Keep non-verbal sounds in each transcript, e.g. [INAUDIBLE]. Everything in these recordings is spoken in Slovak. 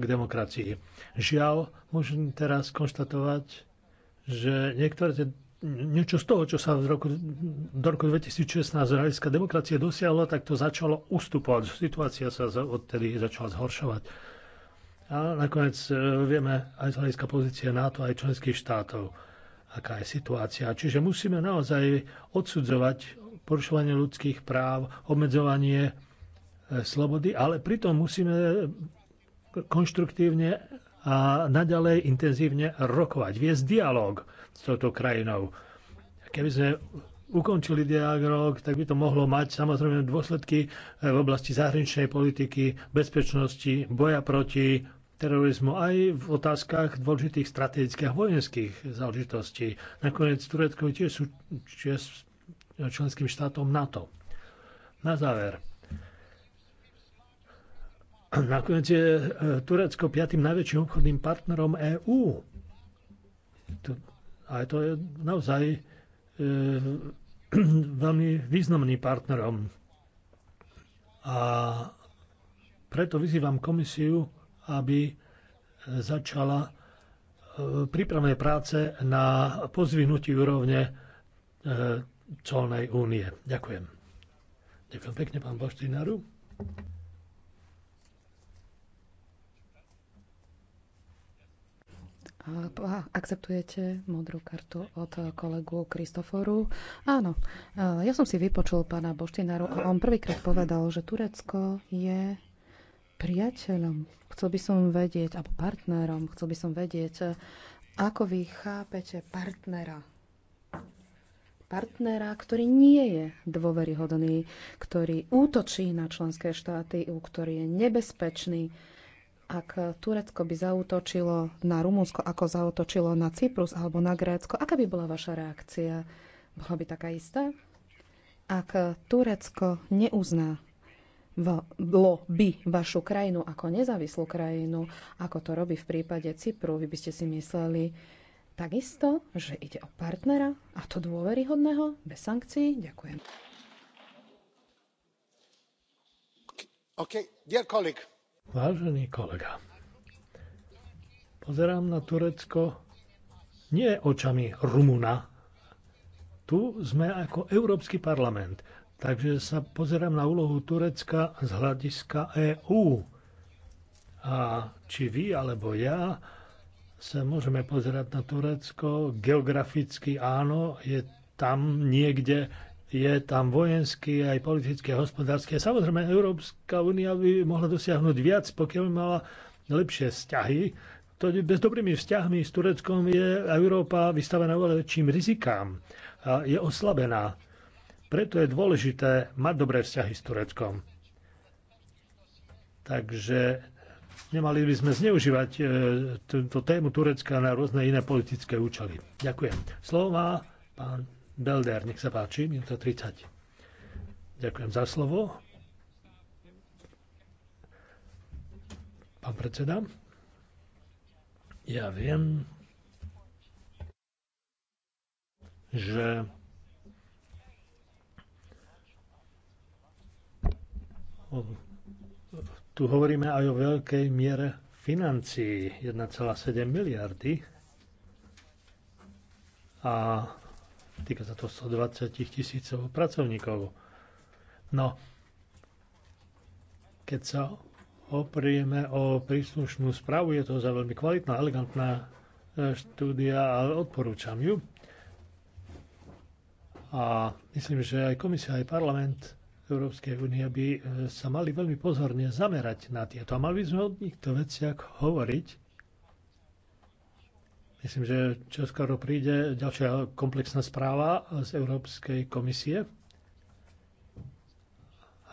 k demokracii. Žiaľ, môžem teraz konštatovať, že niektoré tie, niečo z toho, čo sa v roku, do roku 2016 realistická demokracie dosiahlo, tak to začalo ustupovať. Situácia sa odtedy začala zhoršovať. A nakoniec e, vieme aj z hľadiska pozície NATO, aj členských štátov, aká je situácia. Čiže musíme naozaj odsudzovať porušovanie ľudských práv, obmedzovanie e, slobody, ale pritom musíme konštruktívne a naďalej intenzívne rokovať, viesť dialog s touto krajinou. Keby sme ukončili dialog, tak by to mohlo mať samozrejme dôsledky v oblasti zahraničnej politiky, bezpečnosti, boja proti terorizmu aj v otázkach dôležitých strategických a vojenských záležitostí. Nakoniec Turecko tiež sú členským štátom NATO. Na záver, Nakoniec je e, Turecko piatým najväčším obchodným partnerom EÚ. A to je naozaj e, [CLEARS THROAT] veľmi významným partnerom. A preto vyzývam komisiu, aby e, začala e, prípravné práce na pozvihnutí úrovne colnej únie. Ďakujem. Ďakujem pekne, pán Boštinaru. Akceptujete modrú kartu od kolegu Kristoforu? Áno. Ja som si vypočul pána Boštinaru a on prvýkrát povedal, že Turecko je priateľom. Chcel by som vedieť, alebo partnerom, chcel by som vedieť, ako vy chápete partnera partnera, ktorý nie je dôveryhodný, ktorý útočí na členské štáty, ktorý je nebezpečný, ak Turecko by zautočilo na Rumunsko, ako zautočilo na Cyprus alebo na Grécko, aká by bola vaša reakcia? Bola by taká istá? Ak Turecko neuzná bolo by vašu krajinu ako nezávislú krajinu, ako to robí v prípade Cypru, vy by ste si mysleli takisto, že ide o partnera a to dôveryhodného, bez sankcií? Ďakujem. Okay, dear colleague. Vážený kolega, pozerám na Turecko nie očami Rumuna. Tu sme ako Európsky parlament, takže sa pozerám na úlohu Turecka z hľadiska EÚ. A či vy alebo ja sa môžeme pozerať na Turecko. Geograficky áno, je tam niekde je tam vojenský, aj politický, hospodársky. A samozrejme, Európska únia by mohla dosiahnuť viac, pokiaľ by mala lepšie vzťahy. To bez dobrými vzťahmi s Tureckom je Európa vystavená oveľa väčším rizikám. A je oslabená. Preto je dôležité mať dobré vzťahy s Tureckom. Takže nemali by sme zneužívať e, túto tému Turecka na rôzne iné politické účely. Ďakujem. Slovo má pán Belder, nech sa páči, minúta 30. Ďakujem za slovo. Pán predseda, ja viem, že tu hovoríme aj o veľkej miere financií 1,7 miliardy a Týka sa to 120 tisícov pracovníkov. No, keď sa oprieme o príslušnú správu, je to za veľmi kvalitná, elegantná e, štúdia a odporúčam ju. A myslím, že aj komisia, aj parlament Európskej únie by e, sa mali veľmi pozorne zamerať na tieto. A mali by sme o týchto veciach hovoriť Myslím, že čoskoro príde ďalšia komplexná správa z Európskej komisie.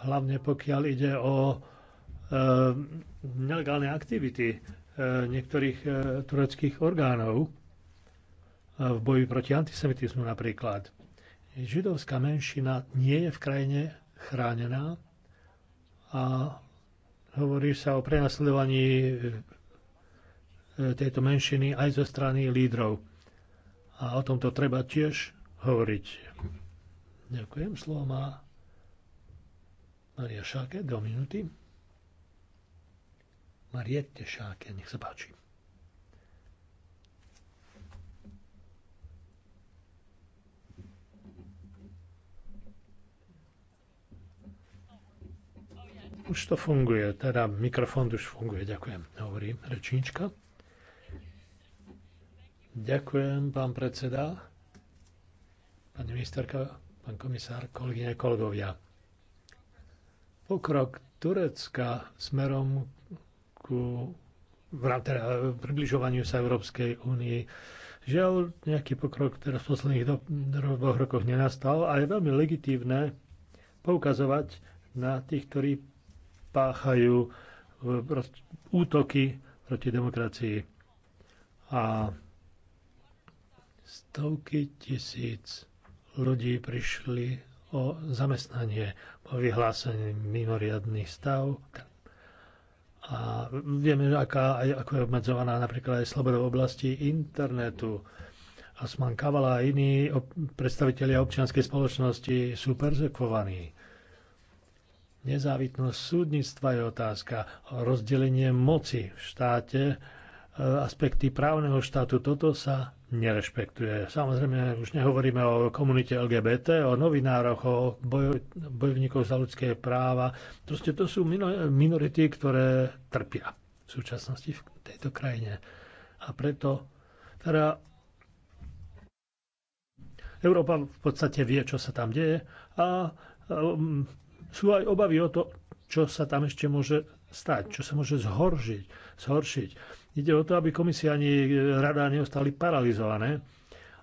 Hlavne pokiaľ ide o e, nelegálne aktivity e, niektorých e, tureckých orgánov e, v boji proti antisemitizmu napríklad. Židovská menšina nie je v krajine chránená a hovorí sa o prenasledovaní E, tejto menšiny aj zo strany lídrov. A o tomto treba tiež hovoriť. Ďakujem. Slovo má Maria Šáke, Dve minúty. Mariette Šáke, nech sa páči. Už to funguje, teda mikrofón už funguje, ďakujem, hovorí rečníčka. Ďakujem, pán predseda, pani ministerka, pán komisár, kolegyne, kolegovia. Pokrok Turecka smerom ku teda, približovaniu sa Európskej únii. Žiaľ, nejaký pokrok teraz v posledných do, dvoch rokoch nenastal a je veľmi legitívne poukazovať na tých, ktorí páchajú eh, útoky proti demokracii. A Stovky tisíc ľudí prišli o zamestnanie po vyhlásení mimoriadných stav. A vieme, aká, ako je obmedzovaná napríklad aj sloboda v oblasti internetu. Asman Kavala a iní predstavitelia občianskej spoločnosti sú perzekvovaní. Nezávitnosť súdnictva je otázka. Rozdelenie moci v štáte, e, aspekty právneho štátu, toto sa nerešpektuje. Samozrejme, už nehovoríme o komunite LGBT, o novinároch, o bojovníkoch za ľudské práva. Proste to sú minority, ktoré trpia v súčasnosti v tejto krajine. A preto teda Európa v podstate vie, čo sa tam deje a um, sú aj obavy o to, čo sa tam ešte môže stať, čo sa môže zhoršiť. zhoršiť. Ide o to, aby komisia ani rada neostali paralizované,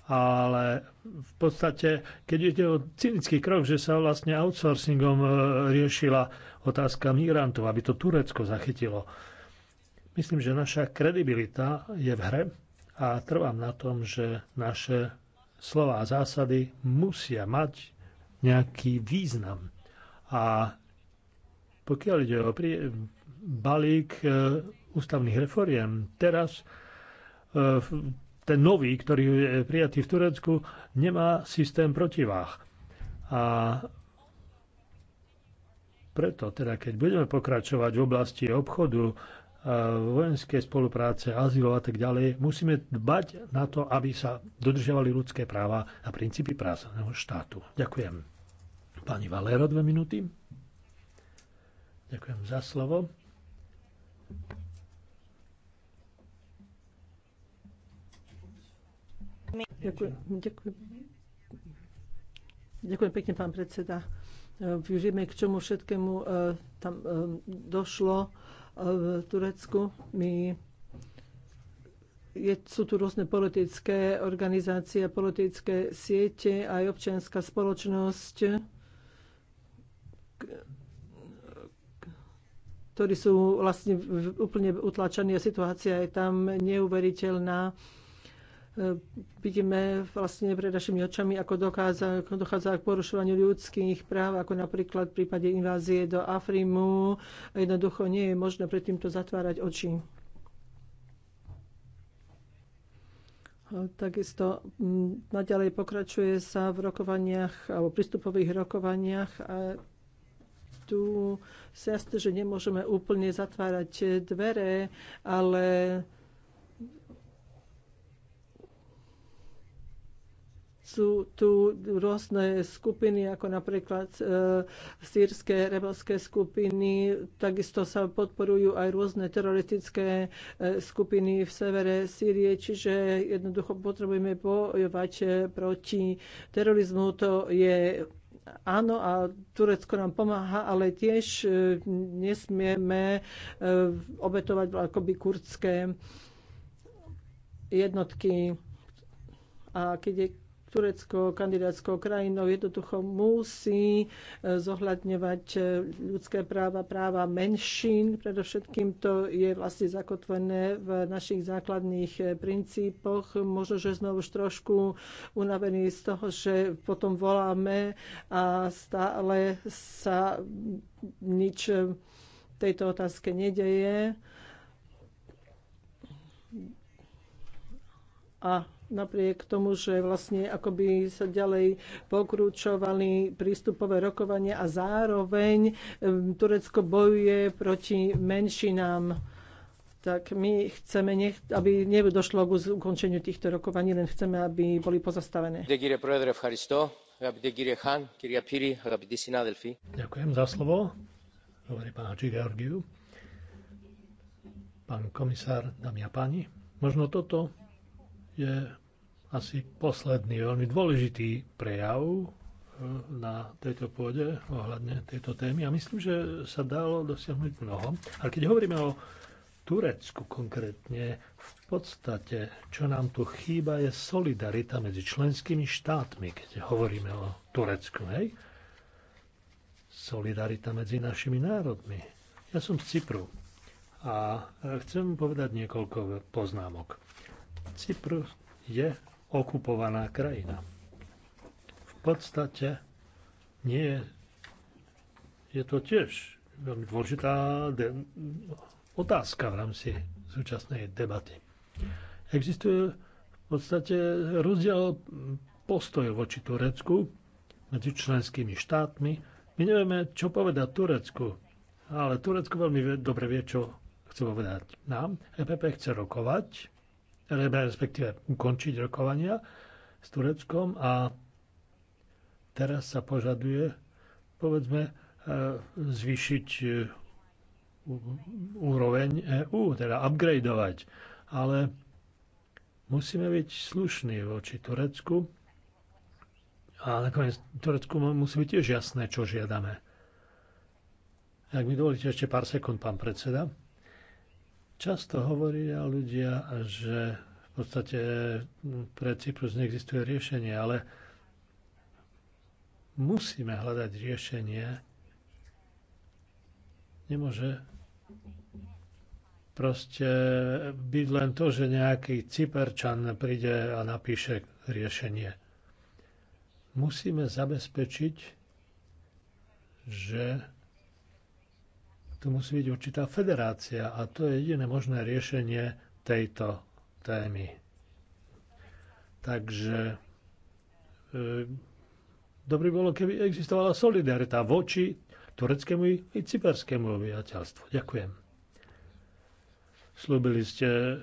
ale v podstate, keď ide o cynický krok, že sa vlastne outsourcingom e, riešila otázka migrantov, aby to Turecko zachytilo. Myslím, že naša kredibilita je v hre a trvám na tom, že naše slova a zásady musia mať nejaký význam. A pokiaľ ide o balík e, ústavných reforiem. Teraz e, ten nový, ktorý je prijatý v Turecku, nemá systém protiváh. A preto, teda keď budeme pokračovať v oblasti obchodu, e, vojenskej spolupráce, azylov a tak ďalej, musíme dbať na to, aby sa dodržiavali ľudské práva a princípy prázdneho štátu. Ďakujem. Pani Valero, dve minúty. Ďakujem za slovo. Ďakujem, ďakujem. Ďakujem pekne, pán predseda. E, využijeme, k čomu všetkému e, tam e, došlo v Turecku. My je, sú tu rôzne politické organizácie, politické siete, aj občianská spoločnosť, ktorí sú vlastne úplne utlačení a situácia je tam neuveriteľná. E, vidíme vlastne pred našimi očami, ako dochádza, dochádza k porušovaniu ľudských práv, ako napríklad v prípade invázie do Afrimu. Jednoducho nie je možné pred týmto zatvárať oči. Takisto naďalej pokračuje sa v rokovaniach alebo prístupových rokovaniach a tu sa jasne, že nemôžeme úplne zatvárať dvere, ale sú tu rôzne skupiny, ako napríklad e, sírske rebelské skupiny. Takisto sa podporujú aj rôzne teroristické e, skupiny v severe Sýrie, čiže jednoducho potrebujeme bojovať e, proti terorizmu. To je áno a Turecko nám pomáha, ale tiež e, nesmieme e, obetovať akoby kurdské jednotky. A keď je Turecko kandidátskou krajinou jednoducho musí e, zohľadňovať e, ľudské práva, práva menšín. Predovšetkým to je vlastne zakotvené v našich základných e, princípoch. Možno, že znovu už trošku unavení z toho, že potom voláme a stále sa nič v tejto otázke nedeje. A napriek tomu, že vlastne akoby sa ďalej pokrúčovali prístupové rokovania a zároveň Turecko bojuje proti menšinám tak my chceme, nech, aby nedošlo k ukončeniu týchto rokovaní, len chceme, aby boli pozastavené. Ďakujem za slovo, hovorí pán Hači Georgiu. Pán komisár, dámy a páni, možno toto je asi posledný veľmi dôležitý prejav e, na tejto pôde ohľadne tejto témy a myslím, že sa dalo dosiahnuť mnoho. Ale keď hovoríme o Turecku konkrétne, v podstate, čo nám tu chýba, je solidarita medzi členskými štátmi, keď hovoríme o Turecku, hej? Solidarita medzi našimi národmi. Ja som z Cypru a chcem povedať niekoľko poznámok. Cypr je okupovaná krajina. V podstate nie je, je to tiež veľmi dôležitá de- otázka v rámci súčasnej debaty. Existuje v podstate rozdiel postoj voči Turecku medzi členskými štátmi. My nevieme, čo povedať Turecku, ale Turecko veľmi dobre vie, čo chce povedať nám. EPP chce rokovať respektíve ukončiť rokovania s Tureckom a teraz sa požaduje, povedzme, e, zvýšiť e, úroveň EU, teda upgradeovať. Ale musíme byť slušní voči Turecku a nakoniec Turecku musí byť tiež jasné, čo žiadame. Ak mi dovolíte ešte pár sekúnd, pán predseda. Často hovoria ľudia, že v podstate hm, pre Cyprus neexistuje riešenie, ale musíme hľadať riešenie. Nemôže proste byť len to, že nejaký Cyperčan príde a napíše riešenie. Musíme zabezpečiť, že tu musí byť určitá federácia a to je jediné možné riešenie tejto témy. Takže e, dobrý bolo, keby existovala solidarita voči tureckému i cyperskému obyvateľstvu. Ďakujem. Slúbili ste,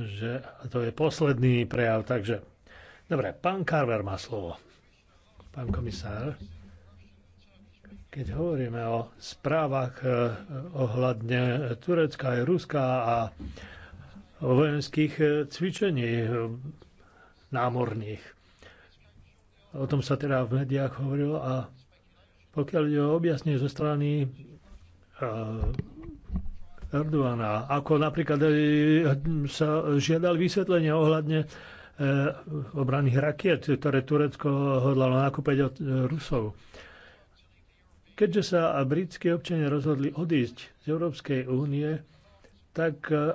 že to je posledný prejav, takže... Dobre, pán Carver má slovo. Pán komisár. Keď hovoríme o správach e, ohľadne Turecka aj Ruska a vojenských e, cvičení e, námorných. O tom sa teda v médiách hovorilo a pokiaľ ide o objasnenie zo strany Erdogana, ako napríklad sa žiadal vysvetlenie ohľadne obranných rakiet, ktoré Turecko hodlalo nakúpeť od Rusov. Keďže sa britskí občania rozhodli odísť z Európskej únie, tak e,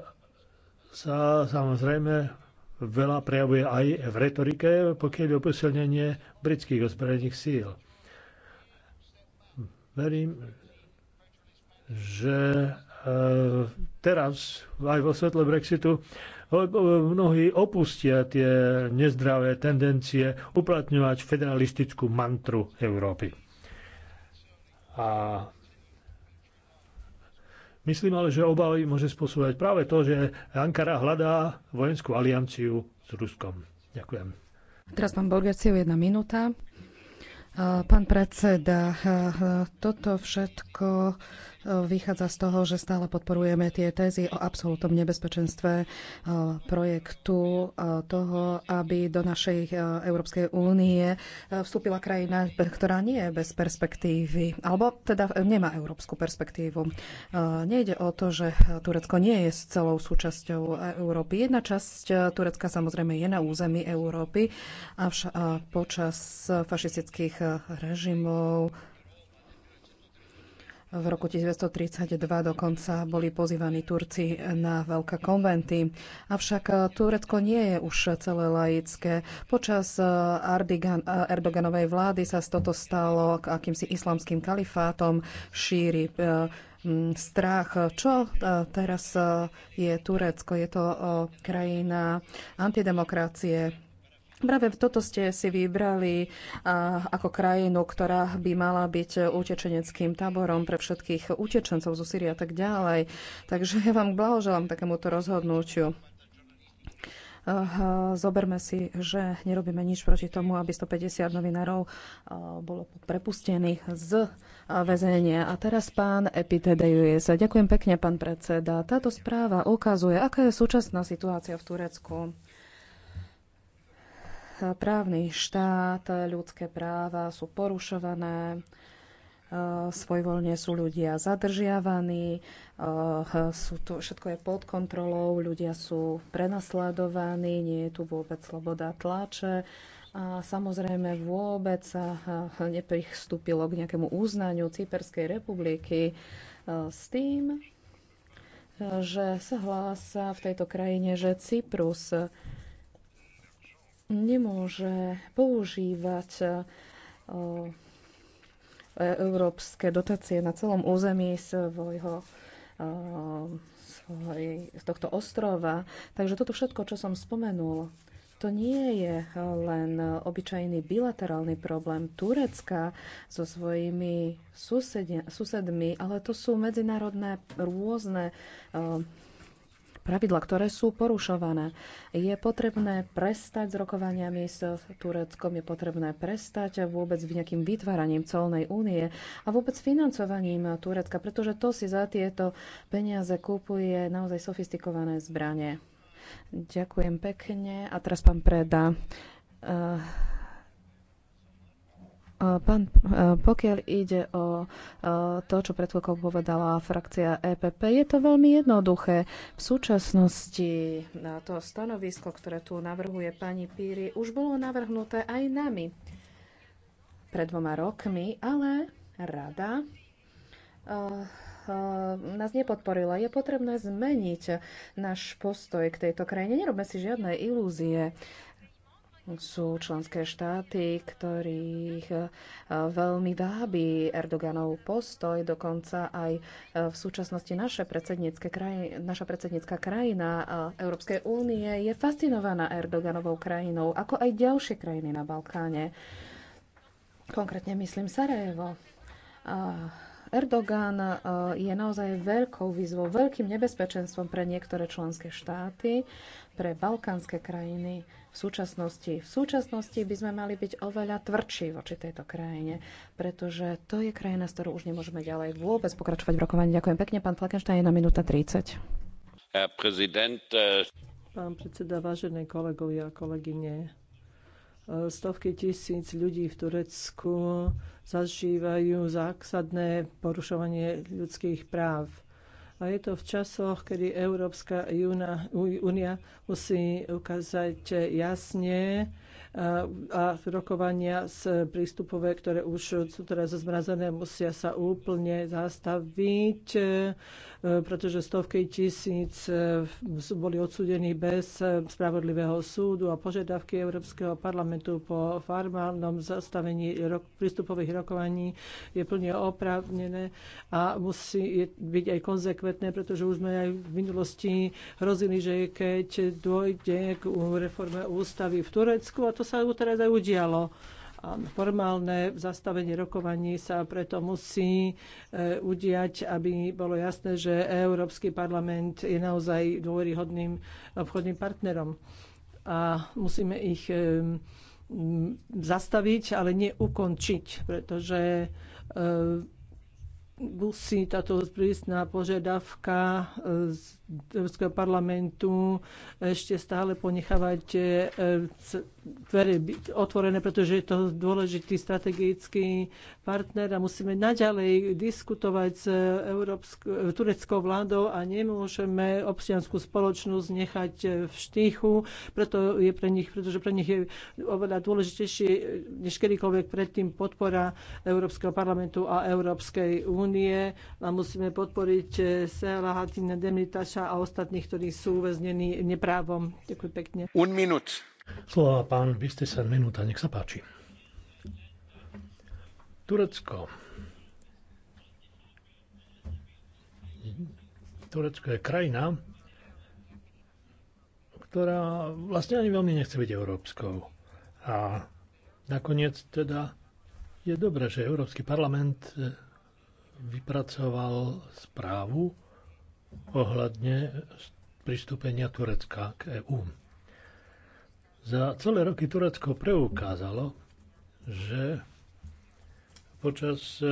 sa samozrejme veľa prejavuje aj v retorike, pokiaľ je o posilnenie britských ozbrojených síl. Verím, že e, teraz, aj vo svetle Brexitu, mnohí opustia tie nezdravé tendencie uplatňovať federalistickú mantru Európy. A myslím ale, že obavy môže spôsobovať práve to, že Ankara hľadá vojenskú alianciu s Ruskom. Ďakujem. Teraz pán Borgeciu, jedna minúta. Pán predseda, toto všetko vychádza z toho, že stále podporujeme tie tézy o absolútnom nebezpečenstve e, projektu e, toho, aby do našej e, Európskej únie vstúpila krajina, ktorá nie je bez perspektívy, alebo teda nemá európsku perspektívu. Nejde o to, že Turecko nie je s celou súčasťou Európy. Jedna časť Turecka samozrejme je na území Európy, avšak počas fašistických režimov v roku 1932 dokonca boli pozývaní Turci na veľké konventy. Avšak eh, Turecko nie je už celé laické. Počas Ardigan, eh, eh, Erdoganovej vlády sa toto stalo k akýmsi islamským kalifátom, šíri strach. Čo teraz je Turecko? Je to krajina antidemokracie, Práve toto ste si vybrali ako krajinu, ktorá by mala byť utečeneckým táborom pre všetkých utečencov zo Syrie a tak ďalej. Takže ja vám blahoželám takémuto rozhodnutiu. Zoberme si, že nerobíme nič proti tomu, aby 150 novinárov bolo prepustených z väzenia. A teraz pán sa. Ďakujem pekne, pán predseda. Táto správa ukazuje, aká je súčasná situácia v Turecku právny štát, ľudské práva sú porušované, e, svojvoľne sú ľudia zadržiavaní, e, sú tu, všetko je pod kontrolou, ľudia sú prenasledovaní, nie je tu vôbec sloboda tlače. A samozrejme vôbec sa e, nepristúpilo k nejakému uznaniu Cyperskej republiky s tým, že sa hlása v tejto krajine, že Cyprus nemôže používať eh, európske dotácie na celom území svojho eh, z tohto ostrova. Takže toto všetko, čo som spomenul, to nie je len obyčajný bilaterálny problém Turecka so svojimi susedmi, ale to sú medzinárodné rôzne uh, pravidla, ktoré sú porušované. Je potrebné prestať s rokovaniami s Tureckom, je potrebné prestať vôbec nejakým vytváraním celnej únie a vôbec financovaním Turecka, pretože to si za tieto peniaze kúpuje naozaj sofistikované zbranie. Ďakujem pekne. A teraz pán Preda. Uh, Pán, e, pokiaľ ide o e, to, čo pred chvíľkou povedala frakcia EPP, je to veľmi jednoduché. V súčasnosti e, to stanovisko, ktoré tu navrhuje pani Píry, už bolo navrhnuté aj nami pred dvoma rokmi, ale rada nás nepodporila. Je potrebné zmeniť náš postoj k tejto krajine. Nerobme si žiadne ilúzie sú členské štáty, ktorých eh, veľmi vábi Erdoganov postoj, dokonca aj eh, v súčasnosti naše kraj, naša predsednická krajina eh, Európskej únie je fascinovaná Erdoganovou krajinou, ako aj ďalšie krajiny na Balkáne. Konkrétne myslím Sarajevo. Erdogan e, je naozaj veľkou výzvou, veľkým nebezpečenstvom pre niektoré členské štáty, pre balkánske krajiny v súčasnosti. V súčasnosti by sme mali byť oveľa tvrdší voči tejto krajine, pretože to je krajina, s ktorou už nemôžeme ďalej vôbec pokračovať v rokovaní. Ďakujem pekne, pán je na minúta 30. Äh pán predseda, vážené kolegovia a kolegyne, E, stovky tisíc ľudí v Turecku zažívajú zásadné porušovanie ľudských práv. A je to v časoch, kedy Európska únia musí ukázať jasne, a rokovania z prístupové, ktoré už sú teraz zmrazené, musia sa úplne zastaviť, e, pretože stovky tisíc e, boli odsúdení bez e, spravodlivého súdu a požiadavky Európskeho parlamentu po formálnom zastavení prístupových rokovaní je plne oprávnené a musí byť aj konzekventné, pretože už sme aj v minulosti hrozili, že keď dôjde k reforme ústavy v Turecku, a to sa teraz aj udialo. A formálne zastavenie rokovaní sa preto musí e, udiať, aby bolo jasné, že Európsky parlament je naozaj dôveryhodným obchodným partnerom. A musíme ich e, zastaviť, ale neukončiť, ukončiť, pretože e, musí táto prísna požiadavka Európskeho parlamentu ešte stále ponechávať e, dvere otvorené, pretože je to dôležitý strategický partner a musíme naďalej diskutovať s tureckou vládou a nemôžeme občianskú spoločnosť nechať e, v štýchu, preto je pre nich, pretože pre nich je oveľa dôležitejšie než kedykoľvek predtým podpora Európskeho parlamentu a Európskej únie a musíme podporiť e, Hatina Demitaša Babiša a ostatných, ktorí sú uväznení neprávom. Ďakujem pekne. Un minút. Slova pán sa minúta, nech sa páči. Turecko. Turecko je krajina, ktorá vlastne ani veľmi nechce byť európskou. A nakoniec teda je dobré, že Európsky parlament vypracoval správu, ohľadne pristúpenia Turecka k EÚ. Za celé roky Turecko preukázalo, že počas e,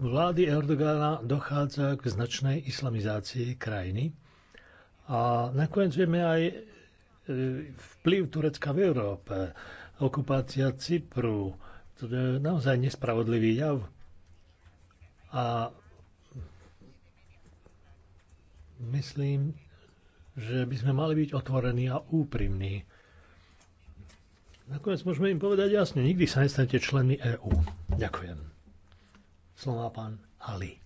vlády Erdogana dochádza k značnej islamizácii krajiny a nakoniec vieme aj e, vplyv Turecka v Európe, okupácia Cypru, to je naozaj nespravodlivý jav. A myslím, že by sme mali byť otvorení a úprimní. Nakoniec môžeme im povedať jasne, nikdy sa nestanete členmi EÚ. Ďakujem. Slova pán Ali.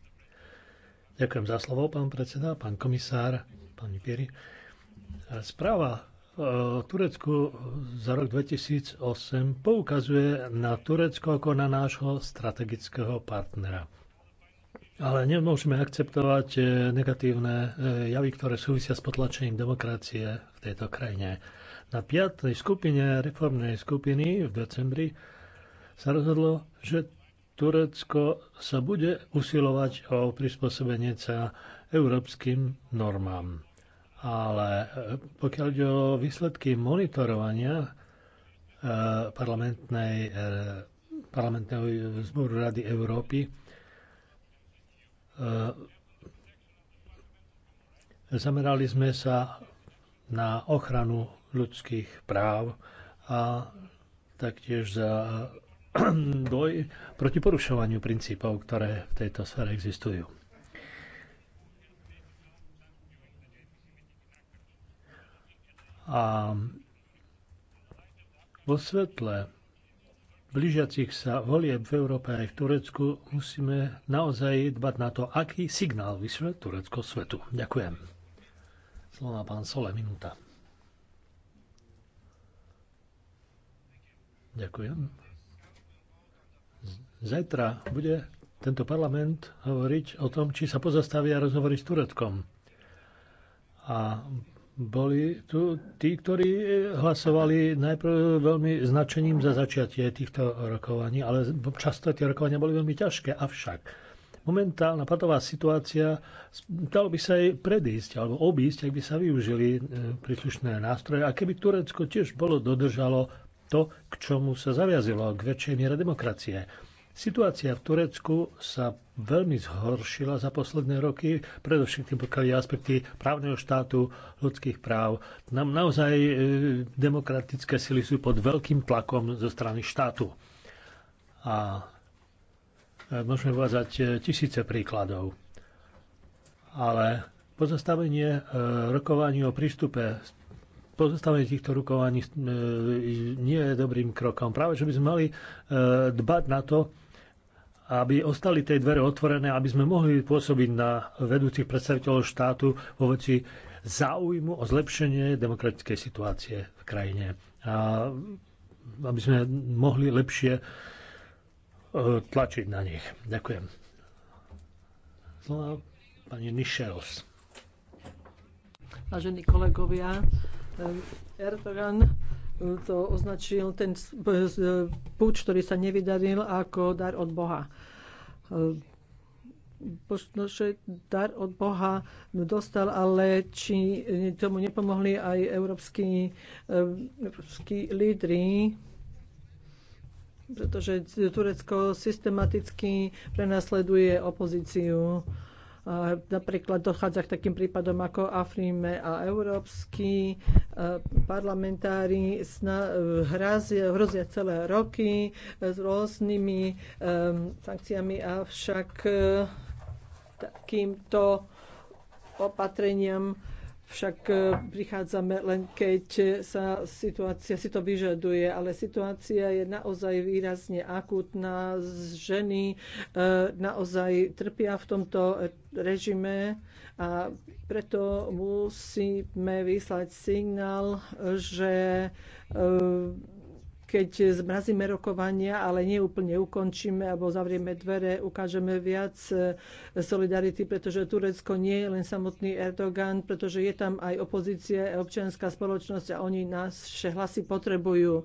Ďakujem za slovo, pán predseda, pán komisár, Pani Pieri. Správa o e, Turecku za rok 2008 poukazuje na Turecko ako na nášho strategického partnera. Ale nemôžeme akceptovať eh, negatívne eh, javy, ktoré súvisia s potlačením demokracie v tejto krajine. Na piatej skupine reformnej skupiny v decembri sa rozhodlo, že Turecko sa bude usilovať o prispôsobenie sa európskym normám. Ale eh, pokiaľ ide o výsledky monitorovania parlamentnej, parlamentného zboru Rady Európy, E, zamerali sme sa na ochranu ľudských práv a taktiež za [CLEARS THROAT] boj proti porušovaniu princípov, ktoré v tejto sfere existujú. A vo svetle blížiacich sa volieb v Európe aj v Turecku musíme naozaj dbať na to, aký signál vyšle Turecko svetu. Ďakujem. Slovo má pán Sole, minúta. Ďakujem. Zajtra bude tento parlament hovoriť o tom, či sa pozastavia rozhovory s Tureckom. A boli tu tí, ktorí e, hlasovali najprv veľmi značením za začiatie týchto rokovaní, ale často tie rokovania boli veľmi ťažké. Avšak momentálna patová situácia, dalo by sa aj predísť alebo obísť, ak by sa využili e, príslušné nástroje a keby Turecko tiež bolo dodržalo to, k čomu sa zaviazilo, k väčšej miere demokracie. Situácia v Turecku sa veľmi zhoršila za posledné roky, predovšetkým pokiaľ je aspekty právneho štátu, ľudských práv. Nám naozaj e, demokratické sily sú pod veľkým tlakom zo strany štátu. A e, môžeme uvázať e, tisíce príkladov. Ale pozastavenie rokovaní o prístupe pozostavenie týchto rukovaní nie je dobrým krokom. Práve, že by sme mali dbať na to, aby ostali tie dvere otvorené, aby sme mohli pôsobiť na vedúcich predstaviteľov štátu vo veci záujmu o zlepšenie demokratickej situácie v krajine. A aby sme mohli lepšie e, tlačiť na nich. Ďakujem. Slova pani Nišels. Vážení kolegovia, e, Erdogan to označil ten púč, ktorý sa nevydaril ako dar od Boha že dar od Boha dostal, ale či tomu nepomohli aj európsky, eh, európsky lídry, pretože Turecko systematicky prenasleduje opozíciu. Napríklad dochádza k takým prípadom ako Afrime a Európsky parlamentári hrazia, hrozia celé roky e, s rôznymi e, sankciami, avšak e, takýmto opatreniam však e, prichádzame len keď sa situácia si to vyžaduje, ale situácia je naozaj výrazne akutná. Ženy e, naozaj trpia v tomto režime a preto musíme vyslať signál, že e, keď zmrazíme rokovania, ale neúplne ukončíme alebo zavrieme dvere, ukážeme viac e, solidarity, pretože Turecko nie je len samotný Erdogan, pretože je tam aj opozícia, občianská spoločnosť a oni vše hlasy potrebujú. E,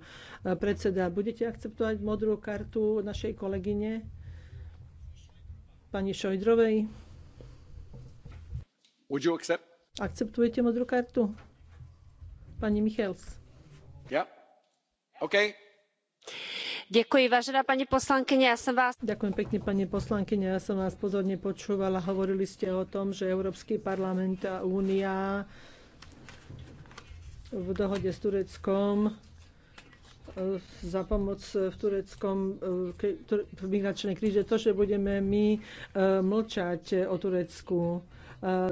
predseda, budete akceptovať modrú kartu našej kolegyne? Pani Šojdrovej? Would you accept? Akceptujete modrú kartu? Pani Michels. Yeah pani poslankyňa ja som vás. ďakujem pekne pani poslankyňa ja som vás pozorne počúvala hovorili ste o tom že európsky parlament a únia v dohode s tureckom e, za pomoc v tureckom e, v migračnej kríze to, že budeme my e, mlčať o Turecku.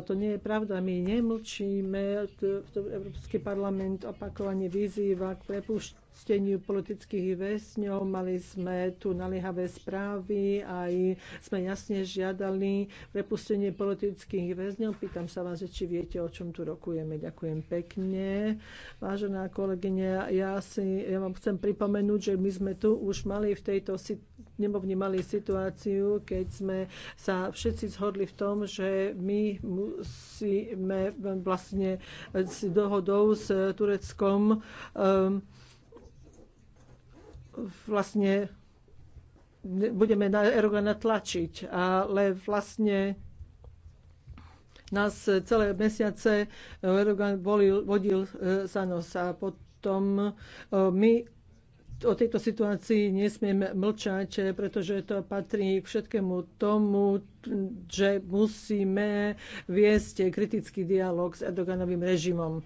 To nie je pravda. My nemlčíme. Európsky parlament opakovane vyzýva k prepušť steniu politických väzňov. Mali sme tu naliehavé správy, aj sme jasne žiadali prepustenie politických väzňov. Pýtam sa vás, či viete, o čom tu rokujeme. Ďakujem pekne. Vážená kolegyňa, ja, si, ja vám chcem pripomenúť, že my sme tu už mali v tejto nemovni mali situáciu, keď sme sa všetci zhodli v tom, že my musíme vlastne s dohodou s Tureckom um, vlastne budeme na Erdogana tlačiť, ale vlastne nás celé mesiace Erdogan volil, vodil e, za nos a potom e, my o tejto situácii nesmieme mlčať, pretože to patrí k všetkému tomu, že musíme viesť kritický dialog s Erdoganovým režimom.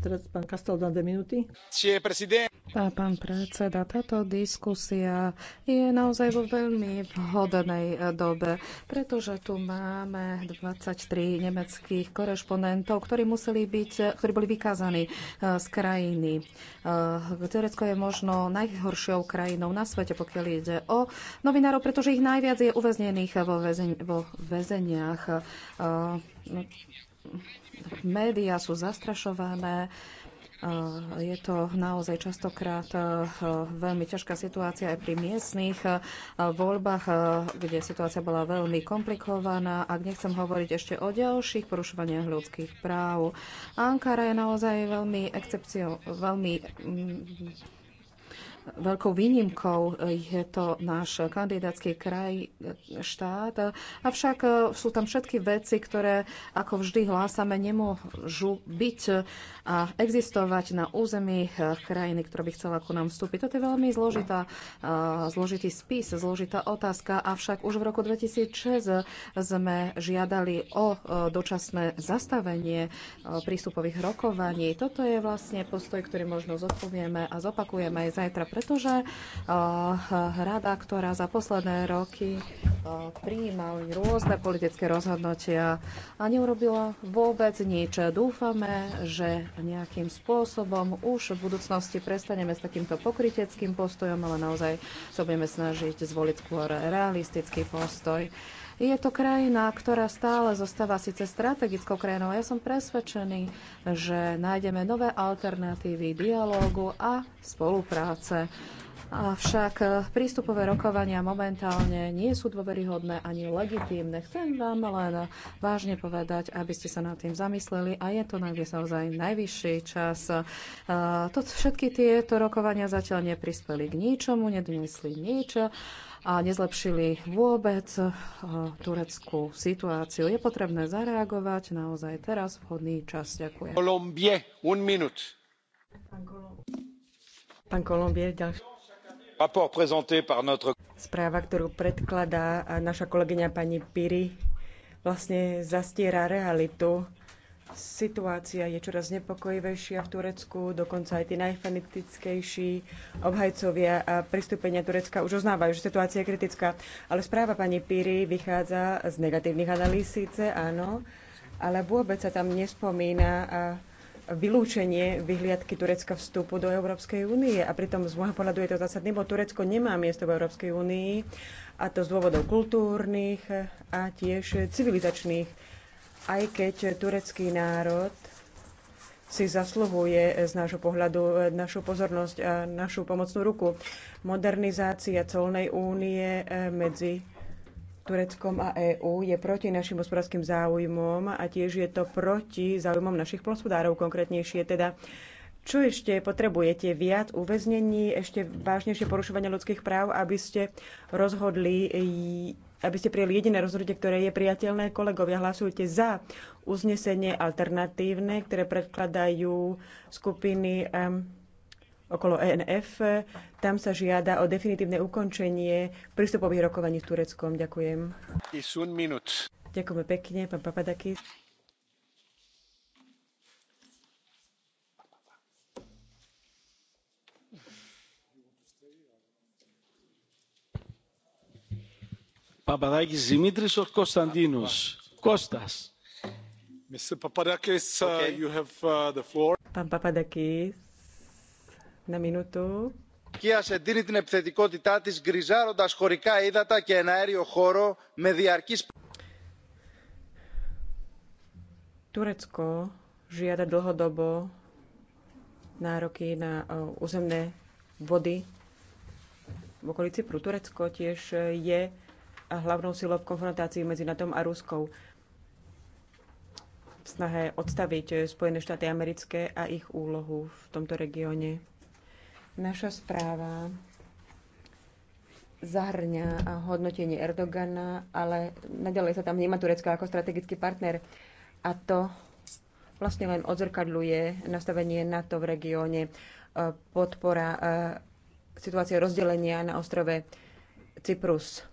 Teraz pán Kastel dá dve minúty. Pán, pán predseda, táto diskusia je naozaj vo veľmi vhodnej eh, dobe, pretože tu máme 23 nemeckých korešponentov, ktorí museli byť, eh, ktorí boli vykázaní eh, z krajiny. Turecko je možno najhoršou krajinou na svete, pokiaľ ide o novinárov, pretože ich najviac je uväznených vo, väzeň, vo väzeniach. No, médiá sú zastrašované. Eh, je to naozaj častokrát eh, veľmi ťažká situácia aj pri miestnych eh, voľbách, kde situácia bola veľmi komplikovaná. Ak nechcem hovoriť ešte o ďalších porušovaniach ľudských práv, Ankara je naozaj veľmi excepciou, veľmi mm, veľkou výnimkou e, je to náš kandidátsky kraj, e, štát. Avšak e, sú tam všetky veci, ktoré, ako vždy hlásame, nemôžu byť a existovať na území krajiny, ktorá by chcela ku nám vstúpiť. Toto je veľmi zložitá, zložitý spis, zložitá otázka. Avšak už v roku 2006 sme žiadali o dočasné zastavenie prístupových rokovaní. Toto je vlastne postoj, ktorý možno zodpovieme a zopakujeme aj zajtra pretože eh, rada, ktorá za posledné roky eh, prijímali rôzne politické rozhodnutia a neurobila vôbec nič. Dúfame, že nejakým spôsobom už v budúcnosti prestaneme s takýmto pokryteckým postojom, ale naozaj sa budeme snažiť zvoliť skôr realistický postoj. Je to krajina, ktorá stále zostáva síce strategickou krajinou. Ja som presvedčený, že nájdeme nové alternatívy dialógu a spolupráce. Avšak prístupové rokovania momentálne nie sú dôveryhodné ani legitímne. Chcem vám len vážne povedať, aby ste sa nad tým zamysleli a je to naozaj najvyšší čas. všetky tieto rokovania zatiaľ neprispeli k ničomu, nedoniesli nič a nezlepšili vôbec e, tureckú situáciu. Je potrebné zareagovať naozaj teraz vhodný čas. Ďakujem. Kolumbie, un minút. Pán Kolumbie, ďalší. Správa, ktorú predkladá naša kolegyňa pani Piri, vlastne zastiera realitu Situácia je čoraz nepokojivejšia v Turecku, dokonca aj tí najfanatickejší obhajcovia a pristúpenia Turecka už oznávajú, že situácia je kritická. Ale správa pani Píry vychádza z negatívnych analýz síce, áno, ale vôbec sa tam nespomína vylúčenie vyhliadky Turecka vstupu do Európskej únie. A pritom z môjho pohľadu je to zásadné, bo Turecko nemá miesto v Európskej únii a to z dôvodov kultúrnych a tiež civilizačných aj keď turecký národ si zasluhuje z nášho pohľadu našu pozornosť a našu pomocnú ruku. Modernizácia colnej únie eh, medzi Tureckom a EÚ je proti našim hospodárskym záujmom a tiež je to proti záujmom našich hospodárov konkrétnejšie. Teda čo ešte potrebujete? Viac uväznení, ešte vážnejšie porušovanie ľudských práv, aby ste rozhodli aby ste prijeli jediné rozhodnutie, ktoré je priateľné. Kolegovia, hlasujte za uznesenie alternatívne, ktoré predkladajú skupiny um, okolo ENF. Tam sa žiada o definitívne ukončenie prístupových rokovaní s Tureckom. Ďakujem. Ďakujeme pekne, pán Papadakis. papadakis dimitris or konstantinos? kostas. mr papadakis uh, okay. you have uh, the floor. pán papadakis na minútu. Τουρκίας εντείνει την επιθετικότητά της γκριζάροντας χωρικά ύδατα και ένα αέριο χώρο με διαρκείς... Turecko žiada dlhodobo nároky na uh, územné vody v okolí Cypru. Turecko tiež je hlavnou silou v konfrontácii medzi NATO a Ruskou v snahe odstaviť Spojené štáty americké a ich úlohu v tomto regióne. Naša správa zahrňa hodnotenie Erdogana, ale nadalej sa tam vníma Turecko ako strategický partner. A to vlastne len odzrkadľuje nastavenie NATO v regióne, e, podpora e, situácie rozdelenia na ostrove Cyprus.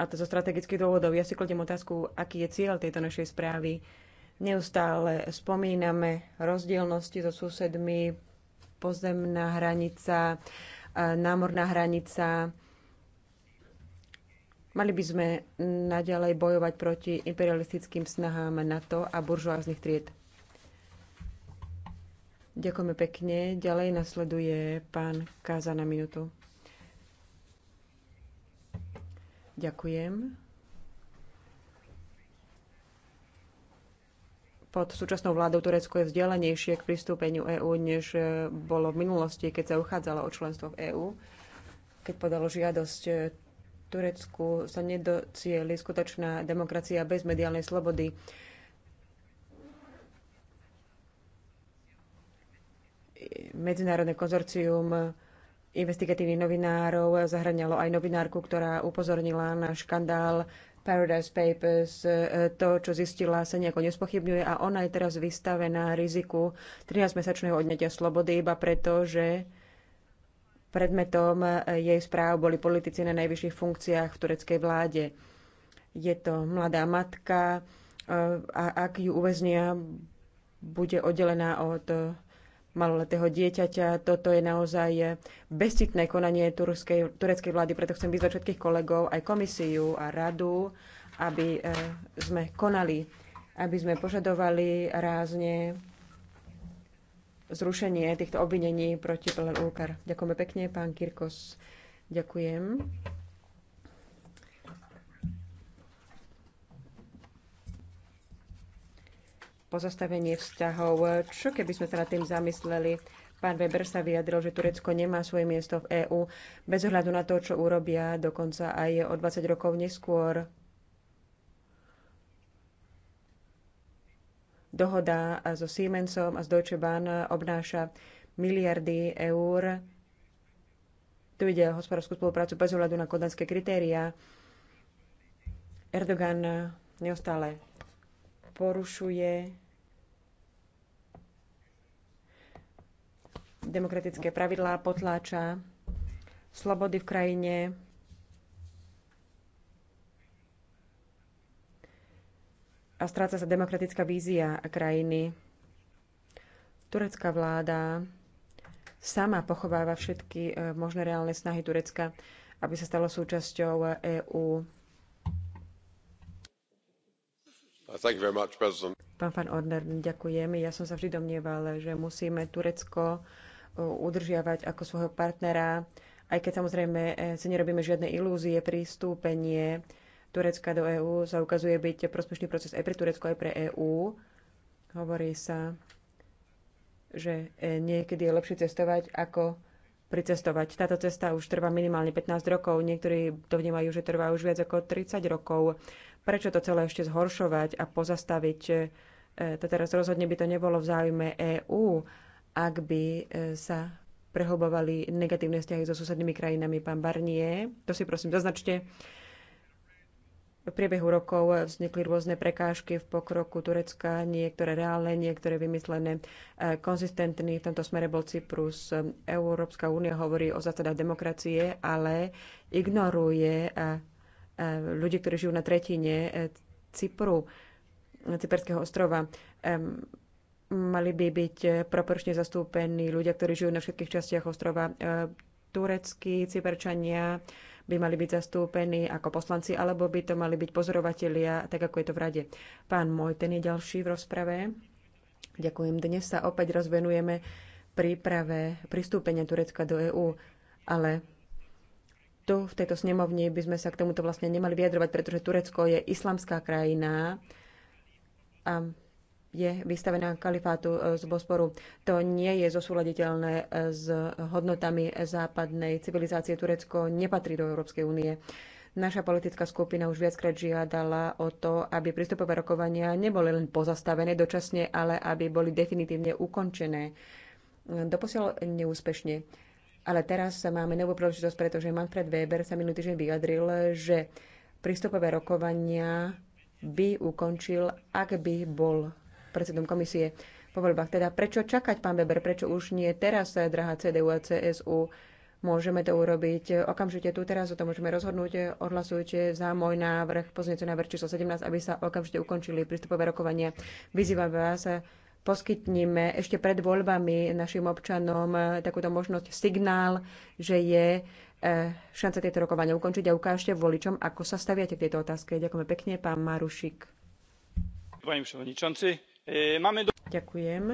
A to zo strategických dôvodov. Ja si kladiem otázku, aký je cieľ tejto našej správy. Neustále spomíname rozdielnosti so susedmi, pozemná hranica, e, námorná hranica. Mali by sme naďalej bojovať proti imperialistickým snahám NATO a buržoáznych tried. Ďakujeme pekne. Ďalej nasleduje pán Káza na minútu. Ďakujem. Pod súčasnou vládou Turecko je vzdialenejšie k pristúpeniu EÚ, než e, bolo v minulosti, keď sa uchádzalo o členstvo v EÚ. Keď podalo žiadosť e, Turecku, sa nedocieli skutočná demokracia bez mediálnej slobody. Medzinárodné konzorcium investigatívnych novinárov zahranialo aj novinárku, ktorá upozornila na škandál Paradise Papers. E, to, čo zistila, sa nejako nespochybňuje a ona je teraz vystavená riziku 13-mesačného odňatia slobody iba preto, že predmetom jej správ boli politici na najvyšších funkciách v tureckej vláde. Je to mladá matka e, a ak ju uväznia, bude oddelená od maloletého dieťaťa. Toto je naozaj bezcitné konanie turskej, tureckej vlády, preto chcem vyzvať všetkých kolegov, aj komisiu a radu, aby eh, sme konali, aby sme požadovali rázne zrušenie týchto obvinení proti Pelen Ulkar. Ďakujeme pekne, pán Kirkos. Ďakujem. pozastavenie vzťahov. Čo keby sme sa nad tým zamysleli? Pán Weber sa vyjadril, že Turecko nemá svoje miesto v EÚ bez ohľadu na to, čo urobia, dokonca aj o 20 rokov neskôr. Dohoda so Siemensom a s Deutsche Bahn obnáša miliardy eur. Tu ide o hospodárskú spoluprácu bez ohľadu na kodanské kritériá. Erdogan neustále porušuje demokratické pravidlá, potláča slobody v krajine, a stráca sa demokratická vízia krajiny. Turecká vláda sama pochováva všetky e, možné reálne snahy Turecka, aby sa stalo súčasťou EÚ. Uh, Pán Van Orner, ďakujem. Ja som sa vždy domnieval, že musíme Turecko uh, udržiavať ako svojho partnera, aj keď samozrejme uh, si nerobíme žiadne ilúzie, pristúpenie Turecka do EÚ sa ukazuje byť prospešný proces aj pre Turecko, aj pre EÚ. Hovorí sa, že niekedy je lepšie cestovať, ako pricestovať. Táto cesta už trvá minimálne 15 rokov, niektorí to vnímajú, že trvá už viac ako 30 rokov. Prečo to celé ešte zhoršovať a pozastaviť? E, to teraz rozhodne by to nebolo v záujme EÚ, ak by e, sa prehlbovali negatívne vzťahy so susednými krajinami. Pán Barnier, to si prosím zaznačte. V priebehu rokov vznikli rôzne prekážky v pokroku Turecka, niektoré reálne, niektoré vymyslené. E, konzistentný v tomto smere bol Cyprus. Európska únia hovorí o zásadách demokracie, ale ignoruje E, ľudí, ktorí žijú na tretine e, Cypru, e, Cyperského ostrova. Mali by byť proporčne zastúpení ľudia, ktorí žijú na všetkých častiach ostrova. Tureckí Cyperčania by mali byť zastúpení ako poslanci, alebo by to mali byť pozorovatelia, tak ako je to v rade. Pán môj ten je ďalší v rozprave. Ďakujem. Dnes sa opäť rozvenujeme príprave pristúpenia Turecka do EÚ, ale tu v tejto snemovni by sme sa k tomuto vlastne nemali vyjadrovať, pretože Turecko je islamská krajina a je vystavená kalifátu e, z Bosporu. To nie je zosúladiteľné e, s hodnotami západnej civilizácie. Turecko nepatrí do Európskej únie. Naša politická skupina už viackrát žiadala o to, aby prístupové rokovania neboli len pozastavené dočasne, ale aby boli definitívne ukončené. E, doposiaľ neúspešne ale teraz máme novú príležitosť, pretože Manfred Weber sa minulý týždeň vyjadril, že prístupové rokovania by ukončil, ak by bol predsedom komisie po voľbách. Teda prečo čakať, pán Weber, prečo už nie teraz, drahá CDU a CSU? Môžeme to urobiť okamžite tu teraz, o tom môžeme rozhodnúť. Odhlasujte za môj návrh, pozniecu návrh číslo 17, aby sa okamžite ukončili prístupové rokovania. Vyzývam vás, poskytníme ešte pred voľbami našim občanom eh, takúto možnosť, signál, že je eh, šanca tieto rokovania ukončiť a ukážte voličom, ako sa staviate k tejto otázke. Ďakujeme pekne, pán Marušik. Eh, Ďakujem.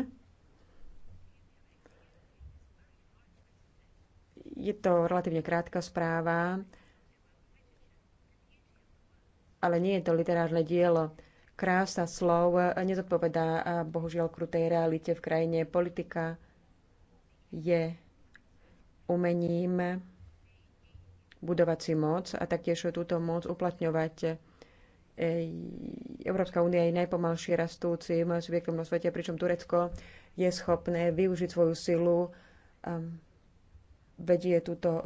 Je to relatívne krátka správa, ale nie je to literárne dielo krása slov nezodpovedá bohužiaľ krutej realite v krajine. Politika je umením budovať si moc a taktiež túto moc uplatňovať. Európska únia je najpomalšie rastúcim subjektom na svete, pričom Turecko je schopné využiť svoju silu, um, vedie túto uh,